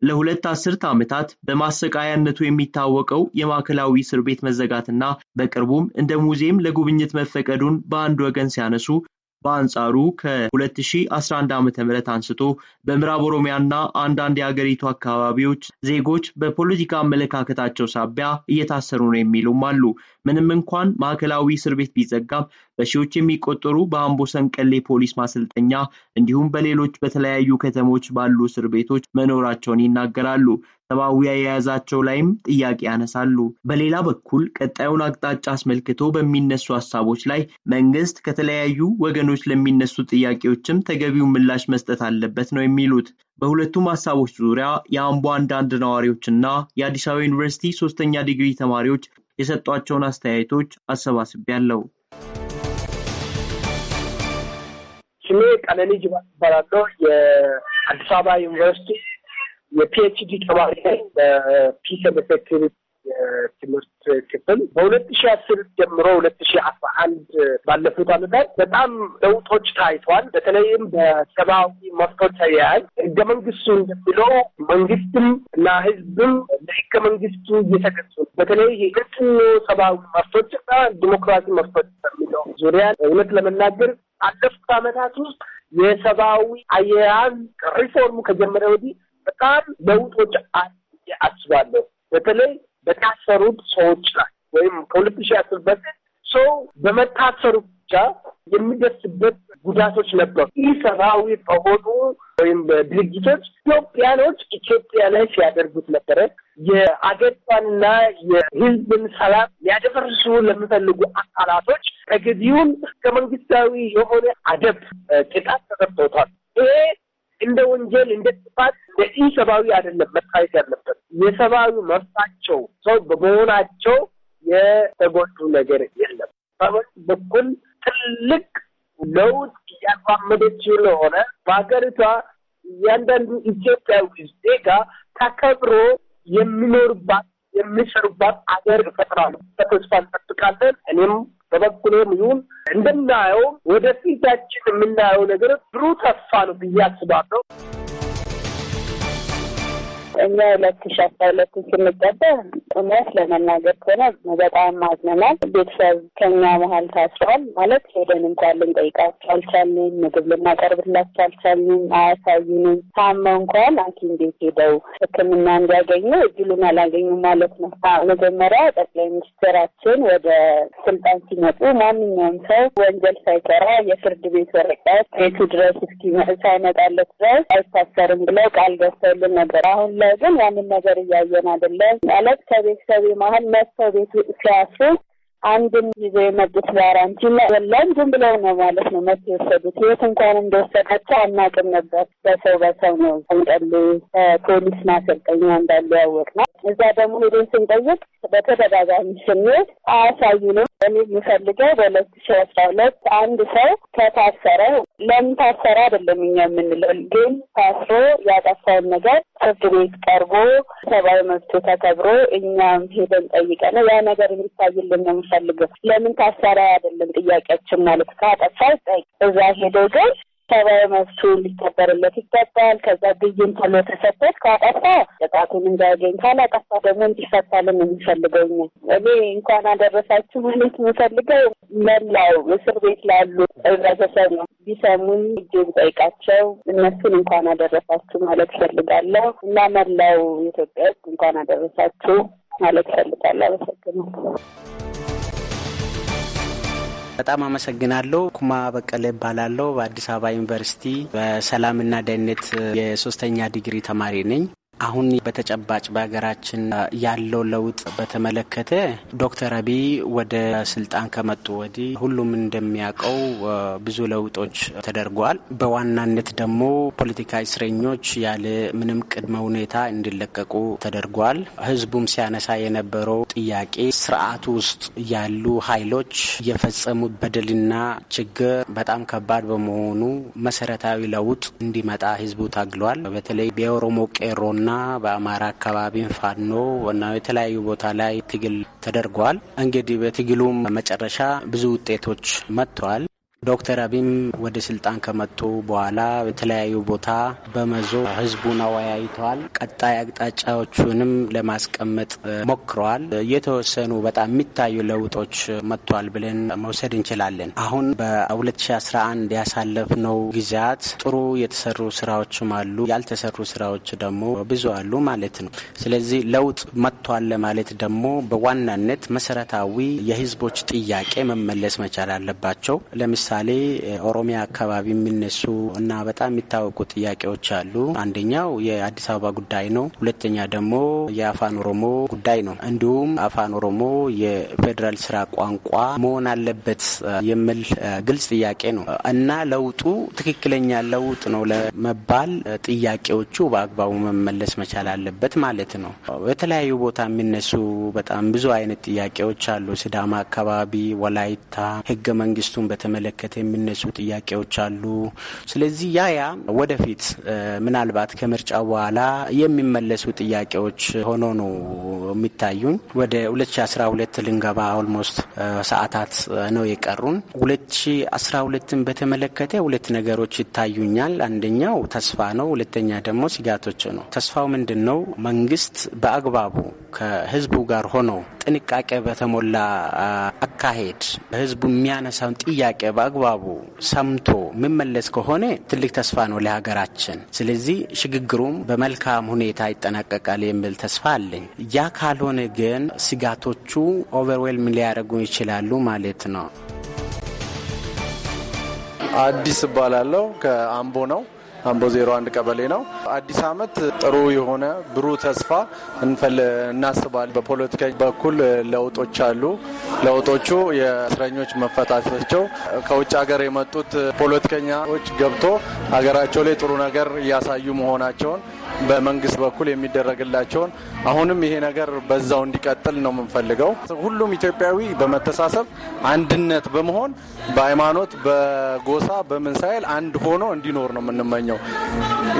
ለሁለት አስርት ዓመታት በማሰቃያነቱ የሚታወቀው የማዕከላዊ እስር ቤት መዘጋትና በቅርቡም እንደ ሙዚየም ለጉብኝት መፈቀዱን በአንድ ወገን ሲያነሱ በአንጻሩ ከ2011 ም አንስቶ በምዕራብ ኦሮሚያና አንዳንድ የአገሪቱ አካባቢዎች ዜጎች በፖለቲካ አመለካከታቸው ሳቢያ እየታሰሩ ነው የሚሉም አሉ። ምንም እንኳን ማዕከላዊ እስር ቤት ቢዘጋም በሺዎች የሚቆጠሩ በአምቦ ሰንቀሌ ፖሊስ ማሰልጠኛ እንዲሁም በሌሎች በተለያዩ ከተሞች ባሉ እስር ቤቶች መኖራቸውን ይናገራሉ። ሰብአዊ አያያዛቸው ላይም ጥያቄ ያነሳሉ። በሌላ በኩል ቀጣዩን አቅጣጫ አስመልክቶ በሚነሱ ሀሳቦች ላይ መንግስት ከተለያዩ ወገኖች ለሚነሱ ጥያቄዎችም ተገቢውን ምላሽ መስጠት አለበት ነው የሚሉት። በሁለቱም ሀሳቦች ዙሪያ የአምቦ አንዳንድ ነዋሪዎችና የአዲስ አበባ ዩኒቨርሲቲ ሶስተኛ ዲግሪ ተማሪዎች የሰጧቸውን አስተያየቶች አሰባስቤያለሁ። ስሜ ቀነኒ ጅባ እባላለሁ። የአዲስ አበባ ዩኒቨርሲቲ የፒኤችዲ ተማሪ ነኝ። በፒስ ኤንድ የትምህርት ክፍል በሁለት ሺ አስር ጀምሮ ሁለት ሺ አስራ አንድ ባለፉት አመታት በጣም ለውጦች ታይቷል። በተለይም በሰብአዊ መብቶች አያያዝ ህገ መንግስቱ እንደሚለው መንግስትም እና ህዝብም ለህገ መንግስቱ እየተገዙ በተለይ የትኑ ሰብአዊ መብቶችና ዲሞክራሲ መብቶች በሚለው ዙሪያ እውነት ለመናገር አለፉት ዓመታት ውስጥ የሰብአዊ አያያዝ ሪፎርሙ ከጀመረ ወዲህ በጣም ለውጦች አስባለሁ በተለይ በታሰሩት ሰዎች ላይ ወይም ከሁለት ሺ አስር በፊት ሰው በመታሰሩ ብቻ የሚደርስበት ጉዳቶች ነበሩ። ይህ ሰብአዊ ወይም ድርጅቶች ኢትዮጵያኖች ኢትዮጵያ ላይ ሲያደርጉት ነበረ። የአገሪቷንና የሕዝብን ሰላም ሊያደፈርሱ ለሚፈልጉ አካላቶች ተገቢውን ከመንግስታዊ የሆነ አደብ ቅጣት ተሰጥቶታል። ይሄ እንደ ወንጀል እንደ ጥፋት ለኢሰብአዊ አይደለም መታየት ያለበት የሰብአዊ መብታቸው ሰው በመሆናቸው የተጎዱ ነገር የለም በኩል ትልቅ ለውጥ እያራመደች ለሆነ በሀገሪቷ እያንዳንዱ ኢትዮጵያዊ ዜጋ ተከብሮ የሚኖርባት የሚሰሩባት አገር ይፈጥራሉ። በተስፋ እንጠብቃለን። እኔም በበኩሌም ይሁን እንደምናየው ወደፊታችን የምናየው ነገር ብሩህ ተስፋ ነው ብዬ አስባለሁ። እኛ ሁለት ሺ አስራ ሁለትን ስንገባ እውነት ለመናገር ከሆነ በጣም አዝነናል። ቤተሰብ ከኛ መሀል ታስረዋል ማለት ሄደን እንኳን ልንጠይቃቸው አልቻልንም። ምግብ ልናቀርብላቸው አልቻልንም። አያሳዩንም። ታመው እንኳን ሐኪም ቤት ሄደው ሕክምና እንዲያገኙ እድሉን አላገኙ ማለት ነው። መጀመሪያ ጠቅላይ ሚኒስትራችን ወደ ስልጣን ሲመጡ ማንኛውም ሰው ወንጀል ሳይሰራ የፍርድ ቤት ወረቀት ቤቱ ድረስ እስኪ ሳይመጣለት ድረስ አይታሰርም ብለው ቃል ገብተውልን ነበር። አሁን ላይ ግን ያንን ነገር እያየን አይደለም። ማለት ከቤተሰቤ መሀል መጥተው ቤት ሲያስሩ አንድም ይዘው የመጡት ጋራንቲ የለም። ዝም ብለው ነው ማለት ነው መብት የወሰዱት። የት እንኳን እንደወሰዳቸው አናውቅም ነበር። በሰው በሰው ነው ጠንቀሌ ፖሊስ ማሰልጠኛ እንዳለ ያወቅ ነው። እዛ ደግሞ ሄደን ስንጠይቅ በተደጋጋሚ ስሜት አያሳዩንም። እኔ የምፈልገው በሁለት ሺ አስራ ሁለት አንድ ሰው ከታሰረ ለምን ታሰረ አይደለም እኛ የምንለው፣ ግን ታስሮ ያጠፋውን ነገር ፍርድ ቤት ቀርቦ ሰብአዊ መብቱ ተከብሮ እኛም ሄደን ጠይቀ ነው ያ ነገር የሚታይልን ነው አንፈልግም፣ ለምን ታሰረ አይደለም ጥያቄያችን ማለት ካጠፋ ይጠይቅ። እዛ ሄደ ግን ሰብአዊ መብቱ ሊከበርለት ይገባል። ከዛ ብይን ተሎ ተሰጥቶት ካጠፋ ጥቃቱን እንዳያገኝ፣ ካላጠፋ ደግሞ እንዲፈታልን የሚፈልገው እኔ እንኳን አደረሳችሁ ማለት የምፈልገው መላው እስር ቤት ላሉ ህብረተሰብ ነው። ቢሰሙን እጅን ጠይቃቸው እነሱን እንኳን አደረሳችሁ ማለት ይፈልጋለሁ እና መላው ኢትዮጵያ ውስጥ እንኳን አደረሳችሁ ማለት ፈልጋለሁ። አመሰግናለሁ። በጣም አመሰግናለሁ። ኩማ በቀለ እባላለሁ። በአዲስ አበባ ዩኒቨርሲቲ በሰላምና ደህንነት የሶስተኛ ዲግሪ ተማሪ ነኝ። አሁን በተጨባጭ በሀገራችን ያለው ለውጥ በተመለከተ ዶክተር አብይ ወደ ስልጣን ከመጡ ወዲህ ሁሉም እንደሚያውቀው ብዙ ለውጦች ተደርጓል። በዋናነት ደግሞ ፖለቲካ እስረኞች ያለ ምንም ቅድመ ሁኔታ እንዲለቀቁ ተደርጓል። ህዝቡም ሲያነሳ የነበረው ጥያቄ ስርዓቱ ውስጥ ያሉ ኃይሎች የፈጸሙት በደልና ችግር በጣም ከባድ በመሆኑ መሰረታዊ ለውጥ እንዲመጣ ህዝቡ ታግሏል። በተለይ በኦሮሞ ቄሮና ና በአማራ አካባቢን ፋኖ ና የተለያዩ ቦታ ላይ ትግል ተደርጓል። እንግዲህ በትግሉም መጨረሻ ብዙ ውጤቶች መጥተዋል። ዶክተር አብይም ወደ ስልጣን ከመጡ በኋላ በተለያዩ ቦታ በመዞ ህዝቡን አወያይተዋል። ቀጣይ አቅጣጫዎቹንም ለማስቀመጥ ሞክረዋል። የተወሰኑ በጣም የሚታዩ ለውጦች መጥቷል ብለን መውሰድ እንችላለን። አሁን በ2011 ያሳለፍነው ጊዜያት ጥሩ የተሰሩ ስራዎችም አሉ፣ ያልተሰሩ ስራዎች ደግሞ ብዙ አሉ ማለት ነው። ስለዚህ ለውጥ መጥቷል ለማለት ደግሞ በዋናነት መሰረታዊ የህዝቦች ጥያቄ መመለስ መቻል አለባቸው። ለምሳሌ ለምሳሌ ኦሮሚያ አካባቢ የሚነሱ እና በጣም የሚታወቁ ጥያቄዎች አሉ። አንደኛው የአዲስ አበባ ጉዳይ ነው። ሁለተኛ ደግሞ የአፋን ኦሮሞ ጉዳይ ነው። እንዲሁም አፋን ኦሮሞ የፌዴራል ስራ ቋንቋ መሆን አለበት የሚል ግልጽ ጥያቄ ነው እና ለውጡ ትክክለኛ ለውጥ ነው ለመባል ጥያቄዎቹ በአግባቡ መመለስ መቻል አለበት ማለት ነው። በተለያዩ ቦታ የሚነሱ በጣም ብዙ አይነት ጥያቄዎች አሉ። ስዳማ አካባቢ፣ ወላይታ ህገ መንግስቱን በተመለከ በተመለከተ የሚነሱ ጥያቄዎች አሉ። ስለዚህ ያ ያ ወደፊት ምናልባት ከምርጫ በኋላ የሚመለሱ ጥያቄዎች ሆኖ ነው የሚታዩኝ። ወደ 2012 ልንገባ ኦልሞስት ሰዓታት ነው የቀሩን። 2012ን በተመለከተ ሁለት ነገሮች ይታዩኛል። አንደኛው ተስፋ ነው፣ ሁለተኛ ደግሞ ስጋቶች ነው። ተስፋው ምንድን ነው? መንግስት በአግባቡ ከህዝቡ ጋር ሆኖ ጥንቃቄ በተሞላ አካሄድ ህዝቡ የሚያነሳውን ጥያቄ በአግባቡ ሰምቶ የሚመለስ ከሆነ ትልቅ ተስፋ ነው ለሀገራችን። ስለዚህ ሽግግሩም በመልካም ሁኔታ ይጠናቀቃል የሚል ተስፋ አለኝ። ያ ካልሆነ ግን ስጋቶቹ ኦቨርዌልም ሊያደርጉ ይችላሉ ማለት ነው። አዲስ እባላለሁ ከአምቦ ነው። አምቦ 01 ቀበሌ ነው። አዲስ አመት ጥሩ የሆነ ብሩህ ተስፋ እናስባል። በፖለቲካ በኩል ለውጦች አሉ። ለውጦቹ የእስረኞች መፈታታቸው ከውጭ ሀገር የመጡት ፖለቲከኞች ገብቶ ሀገራቸው ላይ ጥሩ ነገር እያሳዩ መሆናቸውን በመንግስት በኩል የሚደረግላቸውን አሁንም ይሄ ነገር በዛው እንዲቀጥል ነው የምንፈልገው። ሁሉም ኢትዮጵያዊ በመተሳሰብ አንድነት በመሆን በሃይማኖት፣ በጎሳ፣ በምን ሳይል አንድ ሆኖ እንዲኖር ነው የምንመኘው።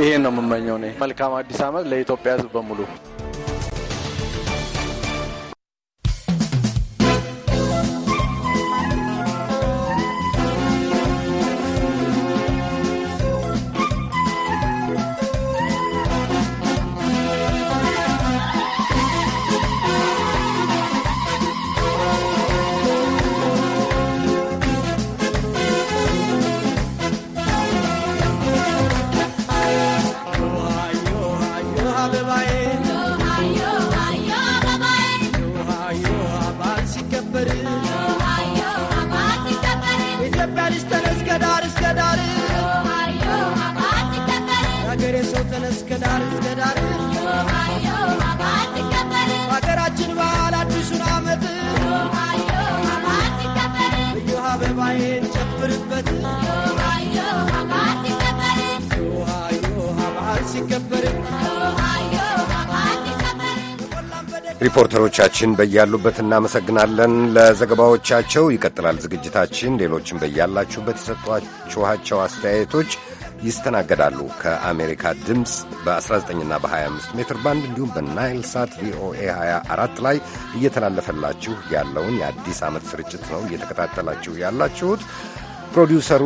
ይሄን ነው የምመኘው መልካም አዲስ ዓመት ለኢትዮጵያ ሕዝብ በሙሉ እንግዶቻችን በያሉበት እናመሰግናለን ለዘገባዎቻቸው። ይቀጥላል ዝግጅታችን። ሌሎችም በያላችሁበት የሰጧችኋቸው አስተያየቶች ይስተናገዳሉ። ከአሜሪካ ድምፅ በ19ና በ25 ሜትር ባንድ እንዲሁም በናይል ሳት ቪኦኤ 24 ላይ እየተላለፈላችሁ ያለውን የአዲስ ዓመት ስርጭት ነው እየተከታተላችሁ ያላችሁት። ፕሮዲውሰሩ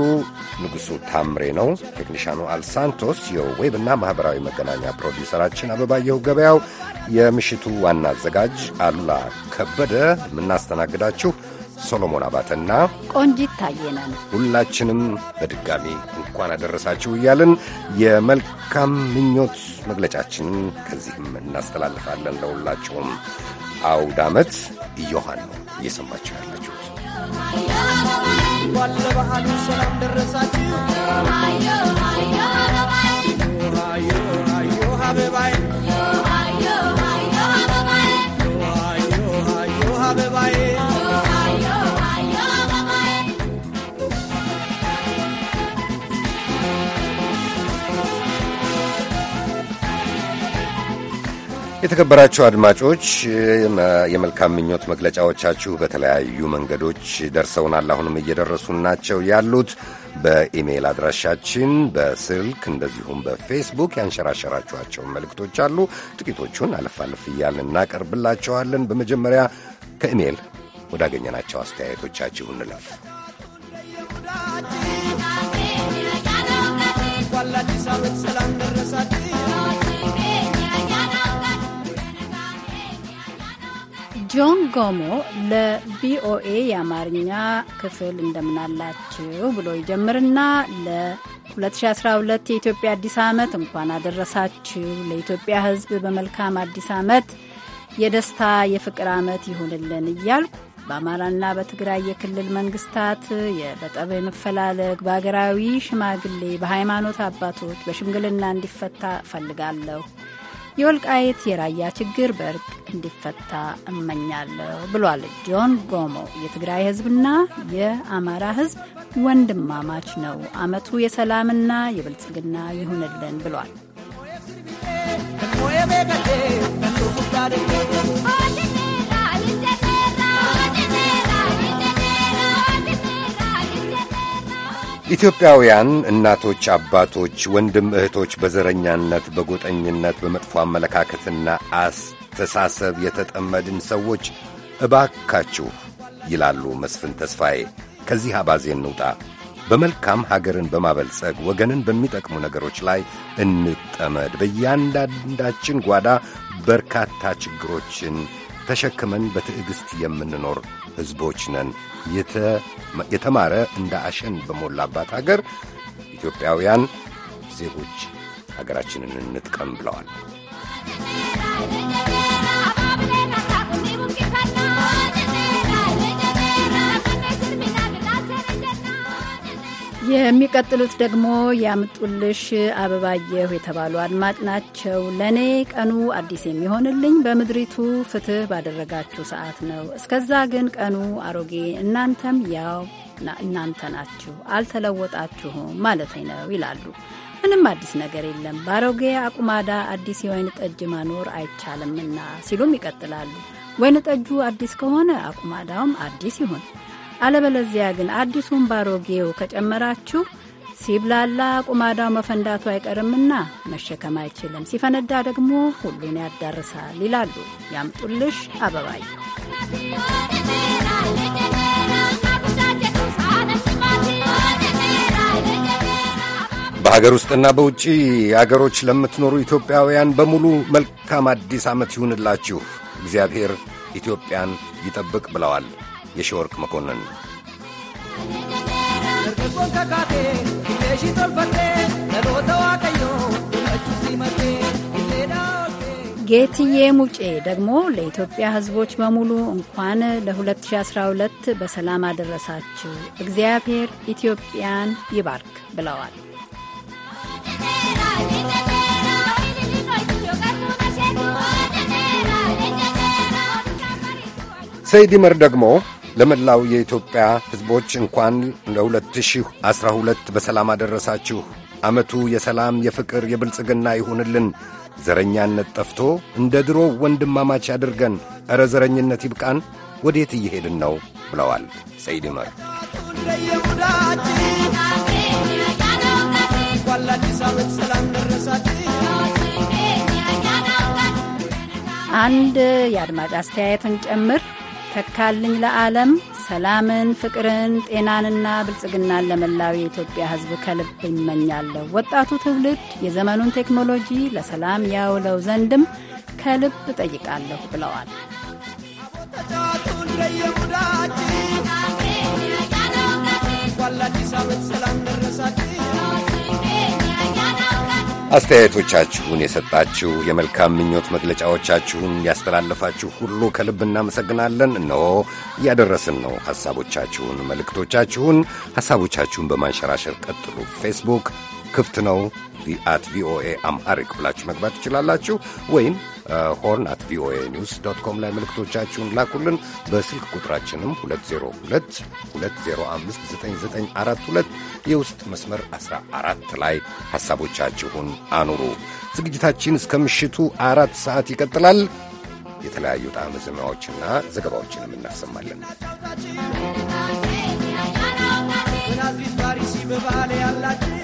ንጉሡ ታምሬ ነው። ቴክኒሻኑ አልሳንቶስ፣ የዌብና ማኅበራዊ መገናኛ ፕሮዲውሰራችን አበባየሁ ገበያው፣ የምሽቱ ዋና አዘጋጅ አሉላ ከበደ፣ የምናስተናግዳችሁ ሶሎሞን አባተና ቆንጂት ታየነን። ሁላችንም በድጋሚ እንኳን አደረሳችሁ እያልን የመልካም ምኞት መግለጫችንን ከዚህም እናስተላልፋለን። ለሁላችሁም አውድ ዓመት እዮሐን ነው እየሰማችሁ ያላችሁት። ባለባህሉ ሰላም ደረሳችሁ። የተከበራችሁ አድማጮች የመልካም ምኞት መግለጫዎቻችሁ በተለያዩ መንገዶች ደርሰውናል። አሁንም እየደረሱን ናቸው ያሉት በኢሜይል አድራሻችን፣ በስልክ እንደዚሁም በፌስቡክ ያንሸራሸራችኋቸውን መልእክቶች አሉ። ጥቂቶቹን አለፍ አለፍ እያልን እናቀርብላቸዋለን። በመጀመሪያ ከኢሜይል ወዳገኘናቸው አስተያየቶቻችሁ እንለፍ። ሰላም ደረሳችሁ ጆን ጎሞ ለቪኦኤ የአማርኛ ክፍል እንደምናላችሁ ብሎ ይጀምርና ለ2012 የኢትዮጵያ አዲስ ዓመት እንኳን አደረሳችሁ ለኢትዮጵያ ሕዝብ በመልካም አዲስ ዓመት የደስታ የፍቅር ዓመት ይሁንልን እያልኩ በአማራና በትግራይ የክልል መንግስታት በጠብ መፈላለግ በሀገራዊ ሽማግሌ፣ በሃይማኖት አባቶች በሽምግልና እንዲፈታ እፈልጋለሁ የወልቃየት የራያ ችግር በእርቅ እንዲፈታ እመኛለሁ ብሏል ጆን ጎሞ። የትግራይ ህዝብና የአማራ ህዝብ ወንድማማች ነው። አመቱ የሰላምና የብልጽግና ይሁንልን ብሏል። ኢትዮጵያውያን እናቶች፣ አባቶች፣ ወንድም እህቶች በዘረኛነት፣ በጎጠኝነት፣ በመጥፎ አመለካከትና አስተሳሰብ የተጠመድን ሰዎች እባካችሁ ይላሉ መስፍን ተስፋዬ። ከዚህ አባዜ እንውጣ። በመልካም ሀገርን በማበልጸግ ወገንን በሚጠቅሙ ነገሮች ላይ እንጠመድ። በእያንዳንዳችን ጓዳ በርካታ ችግሮችን ተሸክመን በትዕግሥት የምንኖር ሕዝቦች ነን። የተማረ እንደ አሸን በሞላባት አገር ኢትዮጵያውያን ዜጎች ሀገራችንን እንጥቀም ብለዋል። የሚቀጥሉት ደግሞ ያምጡልሽ አበባየሁ የተባሉ አድማጭ ናቸው። ለእኔ ቀኑ አዲስ የሚሆንልኝ በምድሪቱ ፍትህ ባደረጋችሁ ሰዓት ነው። እስከዛ ግን ቀኑ አሮጌ፣ እናንተም ያው እናንተ ናችሁ፣ አልተለወጣችሁም ማለት ነው ይላሉ። ምንም አዲስ ነገር የለም፣ በአሮጌ አቁማዳ አዲስ የወይን ጠጅ ማኖር አይቻልምና ሲሉም ይቀጥላሉ። ወይን ጠጁ አዲስ ከሆነ አቁማዳውም አዲስ ይሁን። አለበለዚያ ግን አዲሱን ባሮጌው ከጨመራችሁ ሲብላላ ቁማዳው መፈንዳቱ አይቀርምና መሸከም አይችልም፣ ሲፈነዳ ደግሞ ሁሉን ያዳርሳል ይላሉ ያምጡልሽ አበባየሁ። በሀገር ውስጥና በውጭ አገሮች ለምትኖሩ ኢትዮጵያውያን በሙሉ መልካም አዲስ ዓመት ይሁንላችሁ። እግዚአብሔር ኢትዮጵያን ይጠብቅ ብለዋል የሺወርቅ መኮንን ጌትዬ ሙጬ ደግሞ ለኢትዮጵያ ሕዝቦች በሙሉ እንኳን ለ2012 በሰላም አደረሳችሁ፣ እግዚአብሔር ኢትዮጵያን ይባርክ ብለዋል። ሰይዲመር ደግሞ ለመላው የኢትዮጵያ ሕዝቦች እንኳን ለ2012 በሰላም አደረሳችሁ። ዓመቱ የሰላም የፍቅር፣ የብልጽግና ይሁንልን። ዘረኛነት ጠፍቶ እንደ ድሮ ወንድማማች ያድርገን። ኧረ ዘረኝነት ይብቃን። ወዴት እየሄድን ነው? ብለዋል ሰይድ መር አንድ የአድማጭ አስተያየትን ጨምር ተካልኝ ለዓለም ሰላምን፣ ፍቅርን፣ ጤናንና ብልጽግናን ለመላው የኢትዮጵያ ሕዝብ ከልብ ይመኛለሁ። ወጣቱ ትውልድ የዘመኑን ቴክኖሎጂ ለሰላም ያውለው ዘንድም ከልብ እጠይቃለሁ ብለዋል። ሰላም አስተያየቶቻችሁን የሰጣችሁ የመልካም ምኞት መግለጫዎቻችሁን ያስተላለፋችሁ ሁሉ ከልብ እናመሰግናለን። እነሆ እያደረስን ነው ሐሳቦቻችሁን፣ መልእክቶቻችሁን፣ ሐሳቦቻችሁን በማንሸራሸር ቀጥሉ። ፌስቡክ ክፍት ነው። አት ቪኦኤ አምሃሪክ ብላችሁ መግባት ትችላላችሁ ወይም ሆርን አት ቪኦኤ ኒውስ ዶት ኮም ላይ መልእክቶቻችሁን ላኩልን። በስልክ ቁጥራችንም 2022059942 የውስጥ መስመር 14 ላይ ሐሳቦቻችሁን አኑሩ። ዝግጅታችን እስከ ምሽቱ አራት ሰዓት ይቀጥላል። የተለያዩ ጣዕመ ዜማዎችና ዘገባዎችንም እናሰማለን። በባህል ያላችሁ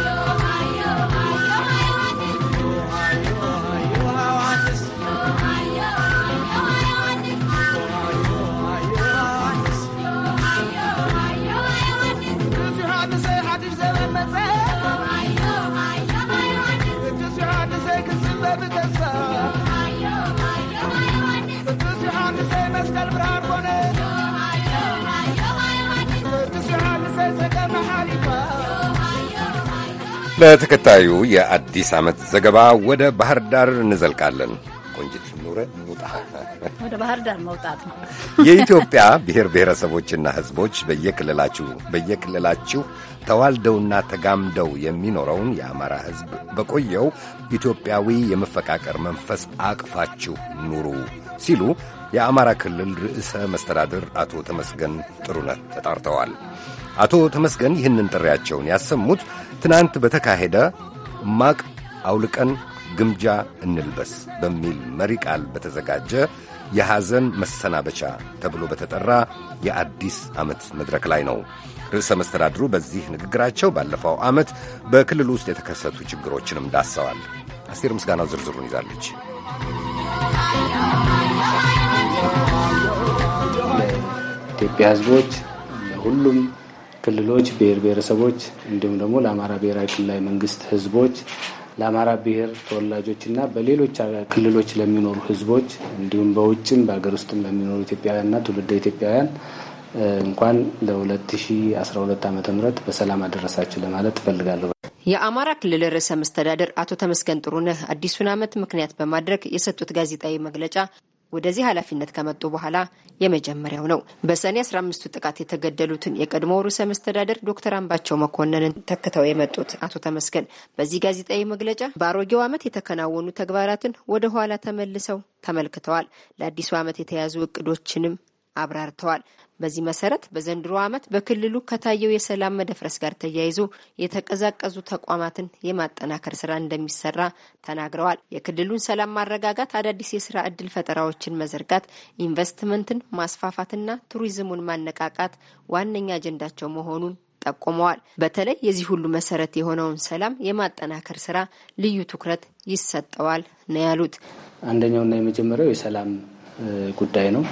ለተከታዩ የአዲስ ዓመት ዘገባ ወደ ባህር ዳር እንዘልቃለን። ቆንጅት ኑረ ውጣ ወደ ባህር ዳር መውጣት ነው። የኢትዮጵያ ብሔር ብሔረሰቦችና ሕዝቦች በየክልላችሁ በየክልላችሁ ተዋልደውና ተጋምደው የሚኖረውን የአማራ ሕዝብ በቆየው ኢትዮጵያዊ የመፈቃቀር መንፈስ አቅፋችሁ ኑሩ ሲሉ የአማራ ክልል ርዕሰ መስተዳድር አቶ ተመስገን ጥሩነህ ተጣርተዋል። አቶ ተመስገን ይህንን ጥሪያቸውን ያሰሙት ትናንት በተካሄደ ማቅ አውልቀን ግምጃ እንልበስ በሚል መሪ ቃል በተዘጋጀ የሐዘን መሰናበቻ ተብሎ በተጠራ የአዲስ ዓመት መድረክ ላይ ነው። ርዕሰ መስተዳድሩ በዚህ ንግግራቸው ባለፈው ዓመት በክልል ውስጥ የተከሰቱ ችግሮችንም ዳሰዋል። አስቴር ምስጋናው ዝርዝሩን ይዛለች። ኢትዮጵያ ሕዝቦች ሁሉም ክልሎች፣ ብሔር ብሔረሰቦች እንዲሁም ደግሞ ለአማራ ብሔራዊ ክልላዊ መንግስት ህዝቦች ለአማራ ብሔር ተወላጆች እና በሌሎች ክልሎች ለሚኖሩ ህዝቦች እንዲሁም በውጭም በሀገር ውስጥም ለሚኖሩ ኢትዮጵያውያንና ትውልደ ኢትዮጵያውያን እንኳን ለ2012 ዓ ም በሰላም አደረሳችሁ ለማለት እፈልጋለሁ። የአማራ ክልል ርዕሰ መስተዳደር አቶ ተመስገን ጥሩነህ አዲሱን ዓመት ምክንያት በማድረግ የሰጡት ጋዜጣዊ መግለጫ ወደዚህ ኃላፊነት ከመጡ በኋላ የመጀመሪያው ነው። በሰኔ 15ቱ ጥቃት የተገደሉትን የቀድሞ ርዕሰ መስተዳደር ዶክተር አምባቸው መኮንንን ተክተው የመጡት አቶ ተመስገን በዚህ ጋዜጣዊ መግለጫ በአሮጌው ዓመት የተከናወኑ ተግባራትን ወደ ኋላ ተመልሰው ተመልክተዋል። ለአዲሱ ዓመት የተያዙ እቅዶችንም አብራርተዋል። በዚህ መሰረት በዘንድሮ ዓመት በክልሉ ከታየው የሰላም መደፍረስ ጋር ተያይዞ የተቀዛቀዙ ተቋማትን የማጠናከር ስራ እንደሚሰራ ተናግረዋል። የክልሉን ሰላም ማረጋጋት፣ አዳዲስ የስራ እድል ፈጠራዎችን መዘርጋት፣ ኢንቨስትመንትን ማስፋፋትና ቱሪዝሙን ማነቃቃት ዋነኛ አጀንዳቸው መሆኑን ጠቁመዋል። በተለይ የዚህ ሁሉ መሰረት የሆነውን ሰላም የማጠናከር ስራ ልዩ ትኩረት ይሰጠዋል ነው ያሉት። አንደኛውና የመጀመሪያው የሰላም ጉዳይ ነው።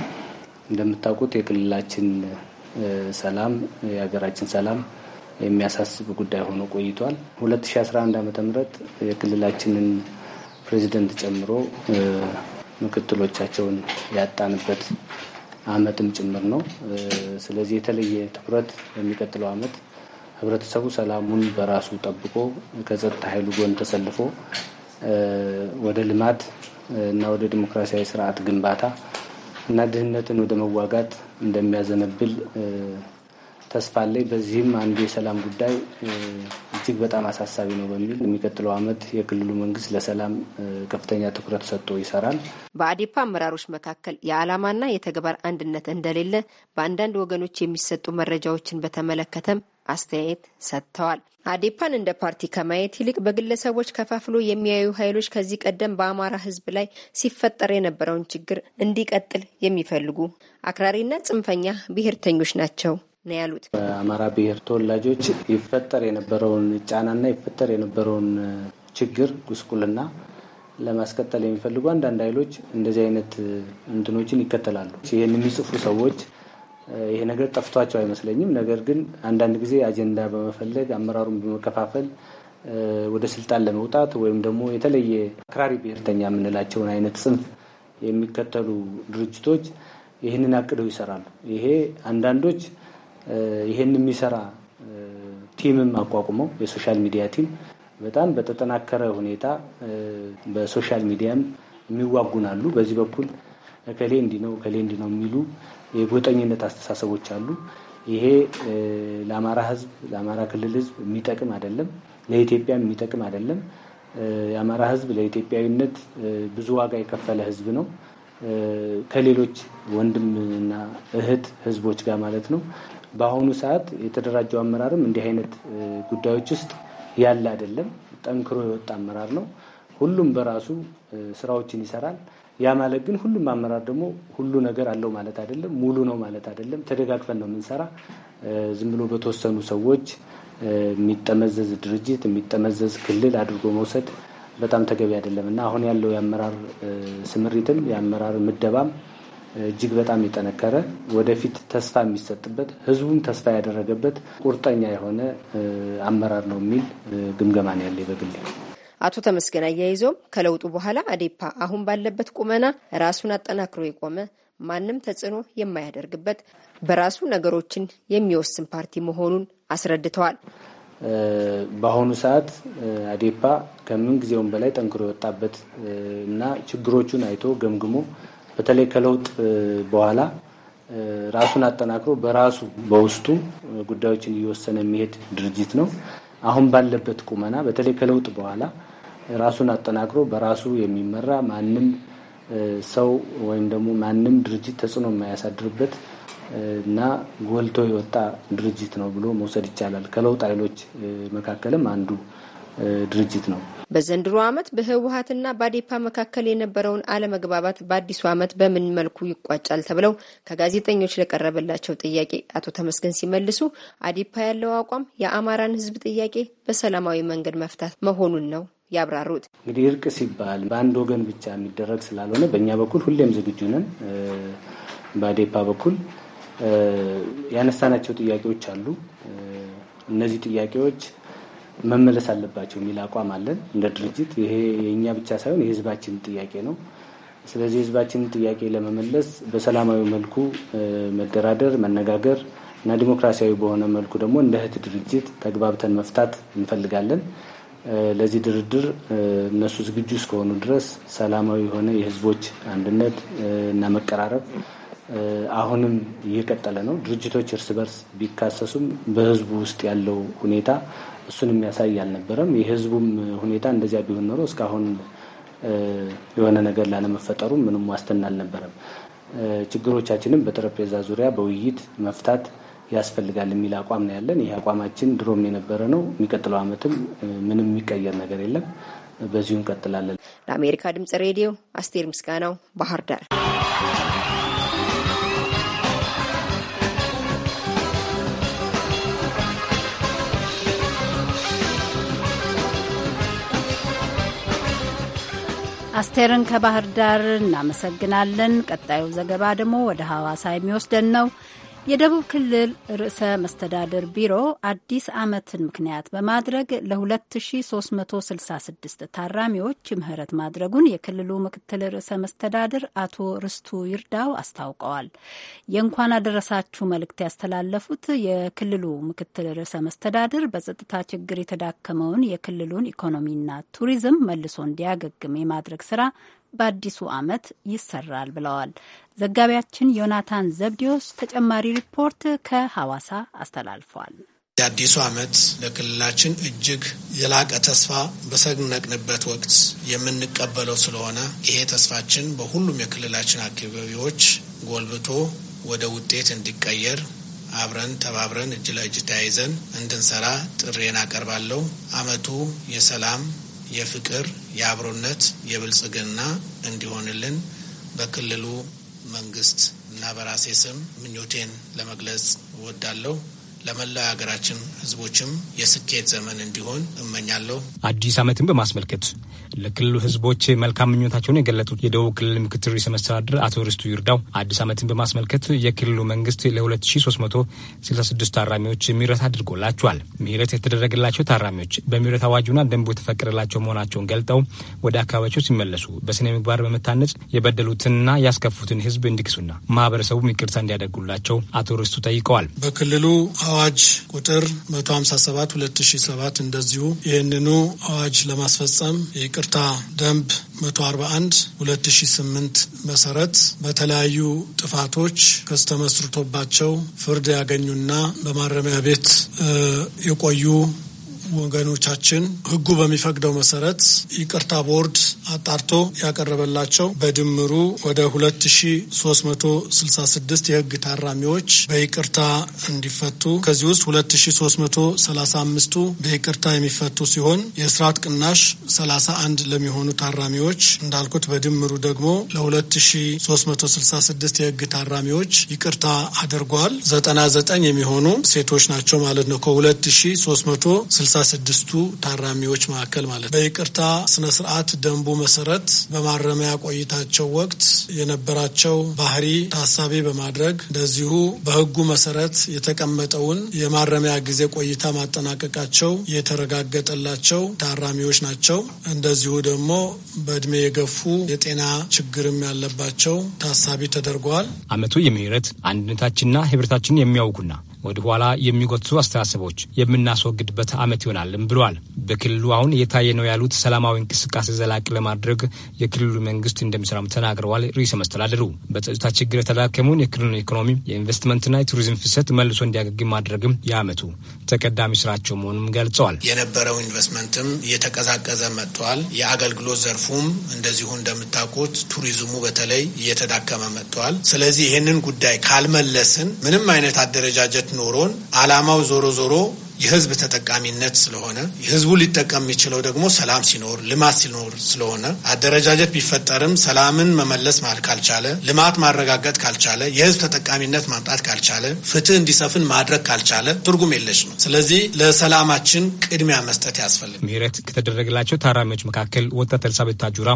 እንደምታውቁት የክልላችን ሰላም የሀገራችን ሰላም የሚያሳስብ ጉዳይ ሆኖ ቆይቷል። 2011 ዓ ም የክልላችንን ፕሬዚደንት ጨምሮ ምክትሎቻቸውን ያጣንበት አመትም ጭምር ነው። ስለዚህ የተለየ ትኩረት በሚቀጥለው አመት ህብረተሰቡ ሰላሙን በራሱ ጠብቆ ከጸጥታ ኃይሉ ጎን ተሰልፎ ወደ ልማት እና ወደ ዲሞክራሲያዊ ስርዓት ግንባታ እና ድህነትን ወደ መዋጋት እንደሚያዘነብል ተስፋ አለኝ። በዚህም አንዱ የሰላም ጉዳይ እጅግ በጣም አሳሳቢ ነው በሚል የሚቀጥለው ዓመት የክልሉ መንግስት ለሰላም ከፍተኛ ትኩረት ሰጥቶ ይሰራል። በአዴፓ አመራሮች መካከል የዓላማና የተግባር አንድነት እንደሌለ በአንዳንድ ወገኖች የሚሰጡ መረጃዎችን በተመለከተም አስተያየት ሰጥተዋል። አዴፓን እንደ ፓርቲ ከማየት ይልቅ በግለሰቦች ከፋፍሎ የሚያዩ ኃይሎች ከዚህ ቀደም በአማራ ሕዝብ ላይ ሲፈጠር የነበረውን ችግር እንዲቀጥል የሚፈልጉ አክራሪና ጽንፈኛ ብሔርተኞች ናቸው ነው ያሉት። በአማራ ብሔር ተወላጆች ይፈጠር የነበረውን ጫናና ይፈጠር የነበረውን ችግር ጉስቁልና ለማስቀጠል የሚፈልጉ አንዳንድ ኃይሎች እንደዚህ አይነት እንትኖችን ይከተላሉ። ይህን የሚጽፉ ሰዎች ይሄ ነገር ጠፍቷቸው አይመስለኝም። ነገር ግን አንዳንድ ጊዜ አጀንዳ በመፈለግ አመራሩን በመከፋፈል ወደ ስልጣን ለመውጣት ወይም ደግሞ የተለየ አክራሪ ብሔርተኛ የምንላቸውን አይነት ጽንፍ የሚከተሉ ድርጅቶች ይህንን አቅደው ይሰራሉ። ይሄ አንዳንዶች ይህን የሚሰራ ቲምም አቋቁመው የሶሻል ሚዲያ ቲም በጣም በተጠናከረ ሁኔታ በሶሻል ሚዲያም የሚዋጉናሉ። በዚህ በኩል እከሌ እንዲህ ነው እከሌ እንዲህ ነው የሚሉ የጎጠኝነት አስተሳሰቦች አሉ። ይሄ ለአማራ ህዝብ ለአማራ ክልል ህዝብ የሚጠቅም አይደለም፣ ለኢትዮጵያ የሚጠቅም አይደለም። የአማራ ህዝብ ለኢትዮጵያዊነት ብዙ ዋጋ የከፈለ ህዝብ ነው ከሌሎች ወንድምና እህት ህዝቦች ጋር ማለት ነው። በአሁኑ ሰዓት የተደራጀው አመራርም እንዲህ አይነት ጉዳዮች ውስጥ ያለ አይደለም። ጠንክሮ የወጣ አመራር ነው። ሁሉም በራሱ ስራዎችን ይሰራል። ያ ማለት ግን ሁሉም አመራር ደግሞ ሁሉ ነገር አለው ማለት አይደለም፣ ሙሉ ነው ማለት አይደለም። ተደጋግፈን ነው የምንሰራ። ዝም ብሎ በተወሰኑ ሰዎች የሚጠመዘዝ ድርጅት የሚጠመዘዝ ክልል አድርጎ መውሰድ በጣም ተገቢ አይደለም እና አሁን ያለው የአመራር ስምሪትም የአመራር ምደባም እጅግ በጣም የጠነከረ ወደፊት ተስፋ የሚሰጥበት ህዝቡም ተስፋ ያደረገበት ቁርጠኛ የሆነ አመራር ነው የሚል ግምገማ ነው ያለ በግሌ። አቶ ተመስገን አያይዘውም ከለውጡ በኋላ አዴፓ አሁን ባለበት ቁመና ራሱን አጠናክሮ የቆመ ማንም ተጽዕኖ የማያደርግበት በራሱ ነገሮችን የሚወስን ፓርቲ መሆኑን አስረድተዋል። በአሁኑ ሰዓት አዴፓ ከምን ጊዜውም በላይ ጠንክሮ የወጣበት እና ችግሮቹን አይቶ ገምግሞ በተለይ ከለውጥ በኋላ ራሱን አጠናክሮ በራሱ በውስጡ ጉዳዮችን እየወሰነ የሚሄድ ድርጅት ነው። አሁን ባለበት ቁመና በተለይ ከለውጥ በኋላ ራሱን አጠናክሮ በራሱ የሚመራ ማንም ሰው ወይም ደግሞ ማንም ድርጅት ተጽዕኖ የማያሳድርበት እና ጎልቶ የወጣ ድርጅት ነው ብሎ መውሰድ ይቻላል። ከለውጥ ኃይሎች መካከልም አንዱ ድርጅት ነው። በዘንድሮ ዓመት በህወሀትና በአዴፓ መካከል የነበረውን አለመግባባት በአዲሱ ዓመት በምን መልኩ ይቋጫል ተብለው ከጋዜጠኞች ለቀረበላቸው ጥያቄ አቶ ተመስገን ሲመልሱ አዴፓ ያለው አቋም የአማራን ህዝብ ጥያቄ በሰላማዊ መንገድ መፍታት መሆኑን ነው ያብራሩት። እንግዲህ እርቅ ሲባል በአንድ ወገን ብቻ የሚደረግ ስላልሆነ በእኛ በኩል ሁሌም ዝግጁ ነን። በአዴፓ በኩል ያነሳናቸው ጥያቄዎች አሉ። እነዚህ ጥያቄዎች መመለስ አለባቸው የሚል አቋም አለን እንደ ድርጅት። ይሄ የእኛ ብቻ ሳይሆን የህዝባችን ጥያቄ ነው። ስለዚህ የህዝባችንን ጥያቄ ለመመለስ በሰላማዊ መልኩ መደራደር፣ መነጋገር እና ዲሞክራሲያዊ በሆነ መልኩ ደግሞ እንደ እህት ድርጅት ተግባብተን መፍታት እንፈልጋለን። ለዚህ ድርድር እነሱ ዝግጁ እስከሆኑ ድረስ ሰላማዊ የሆነ የህዝቦች አንድነት እና መቀራረብ አሁንም እየቀጠለ ነው። ድርጅቶች እርስ በርስ ቢካሰሱም በህዝቡ ውስጥ ያለው ሁኔታ እሱን የሚያሳይ አልነበረም። የህዝቡም ሁኔታ እንደዚያ ቢሆን ኖሮ እስካሁን የሆነ ነገር ላለመፈጠሩ ምንም ዋስትና አልነበረም። ችግሮቻችንም በጠረጴዛ ዙሪያ በውይይት መፍታት ያስፈልጋል የሚል አቋም ነው ያለን። ይህ አቋማችን ድሮም የነበረ ነው። የሚቀጥለው ዓመትም ምንም የሚቀየር ነገር የለም። በዚሁ እንቀጥላለን። ለአሜሪካ ድምጽ ሬዲዮ አስቴር ምስጋናው ባህር ዳር። አስቴርን ከባህር ዳር እናመሰግናለን። ቀጣዩ ዘገባ ደግሞ ወደ ሐዋሳ የሚወስደን ነው። የደቡብ ክልል ርዕሰ መስተዳድር ቢሮ አዲስ ዓመትን ምክንያት በማድረግ ለ2366 ታራሚዎች ምህረት ማድረጉን የክልሉ ምክትል ርዕሰ መስተዳድር አቶ ርስቱ ይርዳው አስታውቀዋል። የእንኳን አደረሳችሁ መልእክት ያስተላለፉት የክልሉ ምክትል ርዕሰ መስተዳድር በጸጥታ ችግር የተዳከመውን የክልሉን ኢኮኖሚና ቱሪዝም መልሶ እንዲያገግም የማድረግ ስራ በአዲሱ ዓመት ይሰራል ብለዋል። ዘጋቢያችን ዮናታን ዘብዲዮስ ተጨማሪ ሪፖርት ከሐዋሳ አስተላልፏል። የአዲሱ ዓመት ለክልላችን እጅግ የላቀ ተስፋ በሰነቅንበት ወቅት የምንቀበለው ስለሆነ ይሄ ተስፋችን በሁሉም የክልላችን አካባቢዎች ጎልብቶ ወደ ውጤት እንዲቀየር አብረን ተባብረን እጅ ለእጅ ተያይዘን እንድንሰራ ጥሬን አቀርባለሁ። ዓመቱ የሰላም የፍቅር፣ የአብሮነት፣ የብልጽግና እንዲሆንልን በክልሉ መንግስት እና በራሴ ስም ምኞቴን ለመግለጽ እወዳለሁ። ለመላ ሀገራችን ህዝቦችም የስኬት ዘመን እንዲሆን እመኛለሁ። አዲስ ዓመትን በማስመልከት ለክልሉ ህዝቦች መልካም ምኞታቸውን የገለጡት የደቡብ ክልል ምክትል ርዕሰ መስተዳድር አቶ ርስቱ ይርዳው አዲስ ዓመትን በማስመልከት የክልሉ መንግስት ለ2366 ታራሚዎች ምህረት አድርጎላቸዋል። ምህረት የተደረገላቸው ታራሚዎች በምህረት አዋጁና ደንቡ የተፈቀደላቸው መሆናቸውን ገልጠው ወደ አካባቢያቸው ሲመለሱ በስነ ምግባር በመታነጽ የበደሉትንና ያስከፉትን ህዝብ እንዲክሱና ማህበረሰቡ ይቅርታ እንዲያደርጉላቸው አቶ ርስቱ ጠይቀዋል። በክልሉ አዋጅ ቁጥር 157 2007 እንደዚሁ ይህንኑ አዋጅ ለማስፈጸም የይቅርታ ደንብ 141 2008 መሰረት በተለያዩ ጥፋቶች ክስ ተመስርቶባቸው ፍርድ ያገኙና በማረሚያ ቤት የቆዩ ወገኖቻችን ህጉ በሚፈቅደው መሰረት ይቅርታ ቦርድ አጣርቶ ያቀረበላቸው በድምሩ ወደ 2366 የህግ ታራሚዎች በይቅርታ እንዲፈቱ ከዚህ ውስጥ 2335ቱ በይቅርታ የሚፈቱ ሲሆን የስርዓት ቅናሽ 31 ለሚሆኑ ታራሚዎች እንዳልኩት በድምሩ ደግሞ ለ2366 የህግ ታራሚዎች ይቅርታ አድርጓል። 99 የሚሆኑ ሴቶች ናቸው ማለት ነው ከ 2366 ስድስቱ ታራሚዎች መካከል ማለት በይቅርታ ስነ ስርዓት ደንቡ መሰረት በማረሚያ ቆይታቸው ወቅት የነበራቸው ባህሪ ታሳቢ በማድረግ እንደዚሁ በህጉ መሰረት የተቀመጠውን የማረሚያ ጊዜ ቆይታ ማጠናቀቃቸው የተረጋገጠላቸው ታራሚዎች ናቸው። እንደዚሁ ደግሞ በእድሜ የገፉ የጤና ችግርም ያለባቸው ታሳቢ ተደርገዋል። ዓመቱ የምህረት አንድነታችንና ህብረታችን የሚያውቁና ወደ ኋላ የሚጎትቱ አስተሳሰቦች የምናስወግድበት ዓመት ይሆናልም ብሏል። በክልሉ አሁን የታየ ነው ያሉት ሰላማዊ እንቅስቃሴ ዘላቂ ለማድረግ የክልሉ መንግስት እንደሚሰራም ተናግረዋል። ርዕሰ መስተዳድሩ በጸጥታ ችግር የተዳከመውን የክልሉ ኢኮኖሚ የኢንቨስትመንትና የቱሪዝም ፍሰት መልሶ እንዲያገግም ማድረግም የአመቱ ተቀዳሚ ስራቸው መሆኑም ገልጸዋል። የነበረው ኢንቨስትመንትም እየተቀዛቀዘ መጥቷል። የአገልግሎት ዘርፉም እንደዚሁ እንደምታውቁት ቱሪዝሙ በተለይ እየተዳከመ መጥቷል። ስለዚህ ይህንን ጉዳይ ካልመለስን ምንም አይነት አደረጃጀት ኖሮን አላማው ዞሮ ዞሮ የህዝብ ተጠቃሚነት ስለሆነ ህዝቡ ሊጠቀም የሚችለው ደግሞ ሰላም ሲኖር ልማት ሲኖር ስለሆነ አደረጃጀት ቢፈጠርም ሰላምን መመለስ ማለት ካልቻለ፣ ልማት ማረጋገጥ ካልቻለ፣ የህዝብ ተጠቃሚነት ማምጣት ካልቻለ፣ ፍትህ እንዲሰፍን ማድረግ ካልቻለ ትርጉም የለሽ ነው። ስለዚህ ለሰላማችን ቅድሚያ መስጠት ያስፈልግ። ምህረት ከተደረገላቸው ታራሚዎች መካከል ወጣት ኤልሳቤት ታጁራ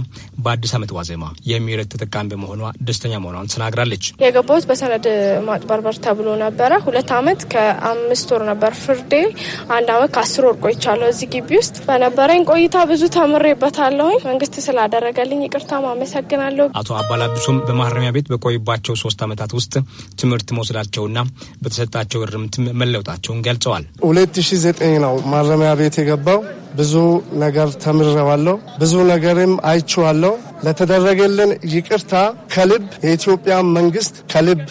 በአዲስ አመት ዋዜማ የምህረት ተጠቃሚ በመሆኗ ደስተኛ መሆኗን ተናግራለች። የገባሁት በሰነድ ማጭበርበር ተብሎ ነበረ። ሁለት ዓመት ከአምስት ወር ነበር ፍርዴ አንድ አመት ከአስር ወር ቆይቻለሁ እዚህ ግቢ ውስጥ። በነበረኝ ቆይታ ብዙ ተምሬበታለሁኝ። መንግስት ስላደረገልኝ ይቅርታ አመሰግናለሁ አቶ አባላብሱም በማረሚያ ቤት በቆይባቸው ሶስት አመታት ውስጥ ትምህርት መውሰዳቸውና በተሰጣቸው እርምት መለውጣቸውን ገልጸዋል። ሁለት ሺ ዘጠኝ ነው ማረሚያ ቤት የገባው ብዙ ነገር ተምረዋለሁ። ብዙ ነገርም አይችዋለሁ። ለተደረገልን ይቅርታ ከልብ የኢትዮጵያ መንግስት ከልብ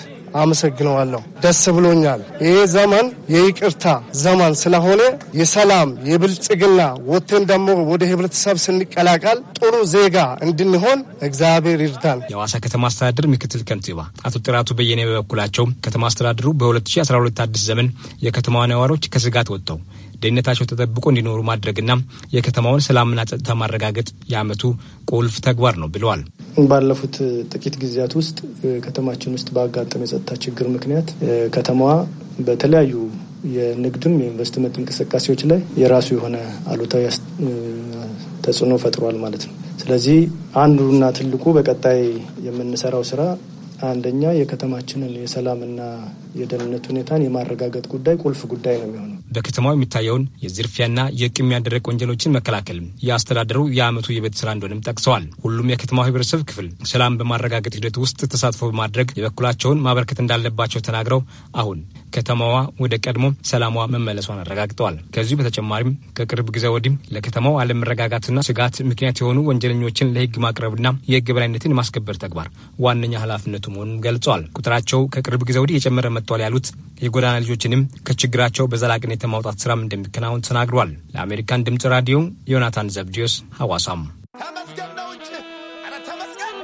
አመሰግነዋለሁ። ደስ ብሎኛል። ይህ ዘመን የይቅርታ ዘመን ስለሆነ የሰላም የብልጽግና ወጥተን ደግሞ ወደ ህብረተሰብ ስንቀላቀል ጥሩ ዜጋ እንድንሆን እግዚአብሔር ይርዳል። የሐዋሳ ከተማ አስተዳደር ምክትል ከንቲባ አቶ ጥራቱ በየኔ በበኩላቸው ከተማ አስተዳደሩ በ2012 አዲስ ዘመን የከተማዋ ነዋሪዎች ከስጋት ወጥተው ደህንነታቸው ተጠብቆ እንዲኖሩ ማድረግና የከተማውን ሰላምና ጸጥታ ማረጋገጥ የአመቱ ቁልፍ ተግባር ነው ብለዋል። ባለፉት ጥቂት ጊዜያት ውስጥ ከተማችን ውስጥ ባጋጠመ የጸጥታ ችግር ምክንያት ከተማዋ በተለያዩ የንግድም የኢንቨስትመንት እንቅስቃሴዎች ላይ የራሱ የሆነ አሉታዊ ተጽዕኖ ፈጥሯል ማለት ነው። ስለዚህ አንዱና ትልቁ በቀጣይ የምንሰራው ስራ አንደኛ የከተማችንን የሰላምና የደህንነት ሁኔታን የማረጋገጥ ጉዳይ ቁልፍ ጉዳይ ነው የሚሆነው። በከተማው የሚታየውን የዝርፊያና የቂም ያደረቅ ወንጀሎችን መከላከል የአስተዳደሩ የአመቱ የቤት ስራ እንደሆነም ጠቅሰዋል። ሁሉም የከተማው ህብረተሰብ ክፍል ሰላም በማረጋገጥ ሂደት ውስጥ ተሳትፎ በማድረግ የበኩላቸውን ማበረከት እንዳለባቸው ተናግረው አሁን ከተማዋ ወደ ቀድሞ ሰላሟ መመለሷን አረጋግጠዋል። ከዚሁ በተጨማሪም ከቅርብ ጊዜ ወዲህ ለከተማው አለመረጋጋትና ስጋት ምክንያት የሆኑ ወንጀለኞችን ለህግ ማቅረብና የህግ በላይነትን የማስከበር ተግባር ዋነኛ ኃላፊነቱ መሆኑን ገልጿል። ቁጥራቸው ከቅርብ ጊዜ ወዲህ የጨመረ መጥቷል ያሉት የጎዳና ልጆችንም ከችግራቸው በዘላቂነት የማውጣት ስራም እንደሚከናወን ተናግሯል። ለአሜሪካን ድምፅ ራዲዮ ዮናታን ዘብዲዮስ ሐዋሳም ተመስገን ነው እንጂ ኧረ ተመስገን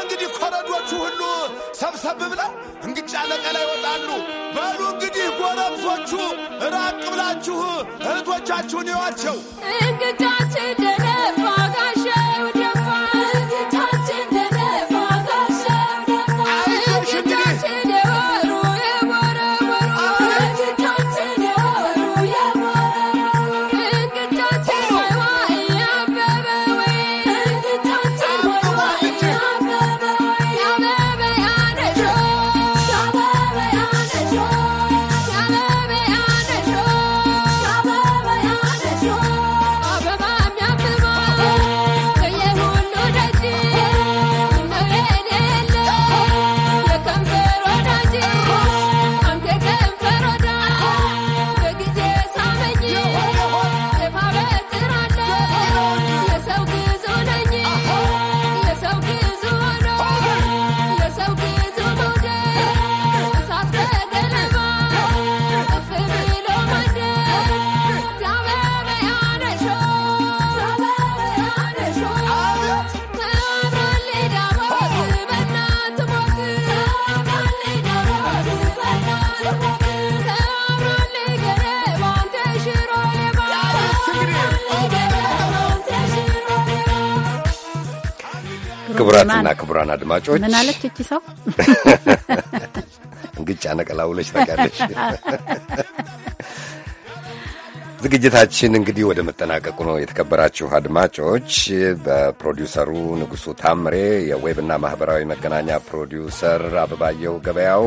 እንግዲህ ኮረዶቹ ሁሉ ሰብሰብ ብለው እንግጫ ለቀላ ይወጣሉ። በሉ እንግዲህ ጎረምሶቹ ራቅ ብላችሁ እህቶቻችሁን ይዋቸው እንግጫችን ደረባ ክቡራትና ክቡራን አድማጮች ምን አለች እቺ ሰው እንግጫ ነቀላ ውለች ታውቂያለሽ። ዝግጅታችን እንግዲህ ወደ መጠናቀቁ ነው። የተከበራችሁ አድማጮች፣ በፕሮዲውሰሩ ንጉሱ ታምሬ፣ የዌብና ማኅበራዊ መገናኛ ፕሮዲውሰር አበባየው ገበያው፣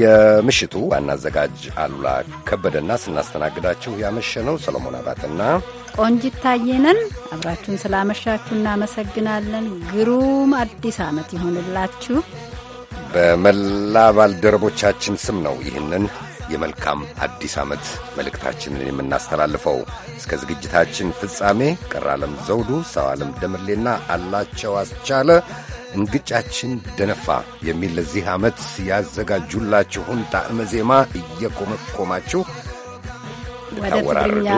የምሽቱ ዋና አዘጋጅ አሉላ ከበደና ስናስተናግዳችሁ ያመሸነው ሰሎሞን አባትና ቆንጂት ታየንን አብራችሁን ስላመሻችሁ እናመሰግናለን። ግሩም አዲስ ዓመት ይሆንላችሁ። በመላ ባልደረቦቻችን ስም ነው ይህንን የመልካም አዲስ ዓመት መልእክታችንን የምናስተላልፈው። እስከ ዝግጅታችን ፍጻሜ ቀር ዓለም ዘውዱ፣ ሰው ዓለም ደምሌና አላቸው አስቻለ እንግጫችን ደነፋ የሚል ለዚህ ዓመት ያዘጋጁላችሁን ጣዕመ ዜማ እየቆመቆማችሁ ወደ ትግርኛ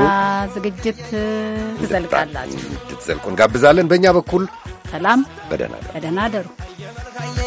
ዝግጅት ትዘልቃላችሁ እንድትዘልቁ እንጋብዛለን። በእኛ በኩል ሰላም፣ በደህና ደሩ።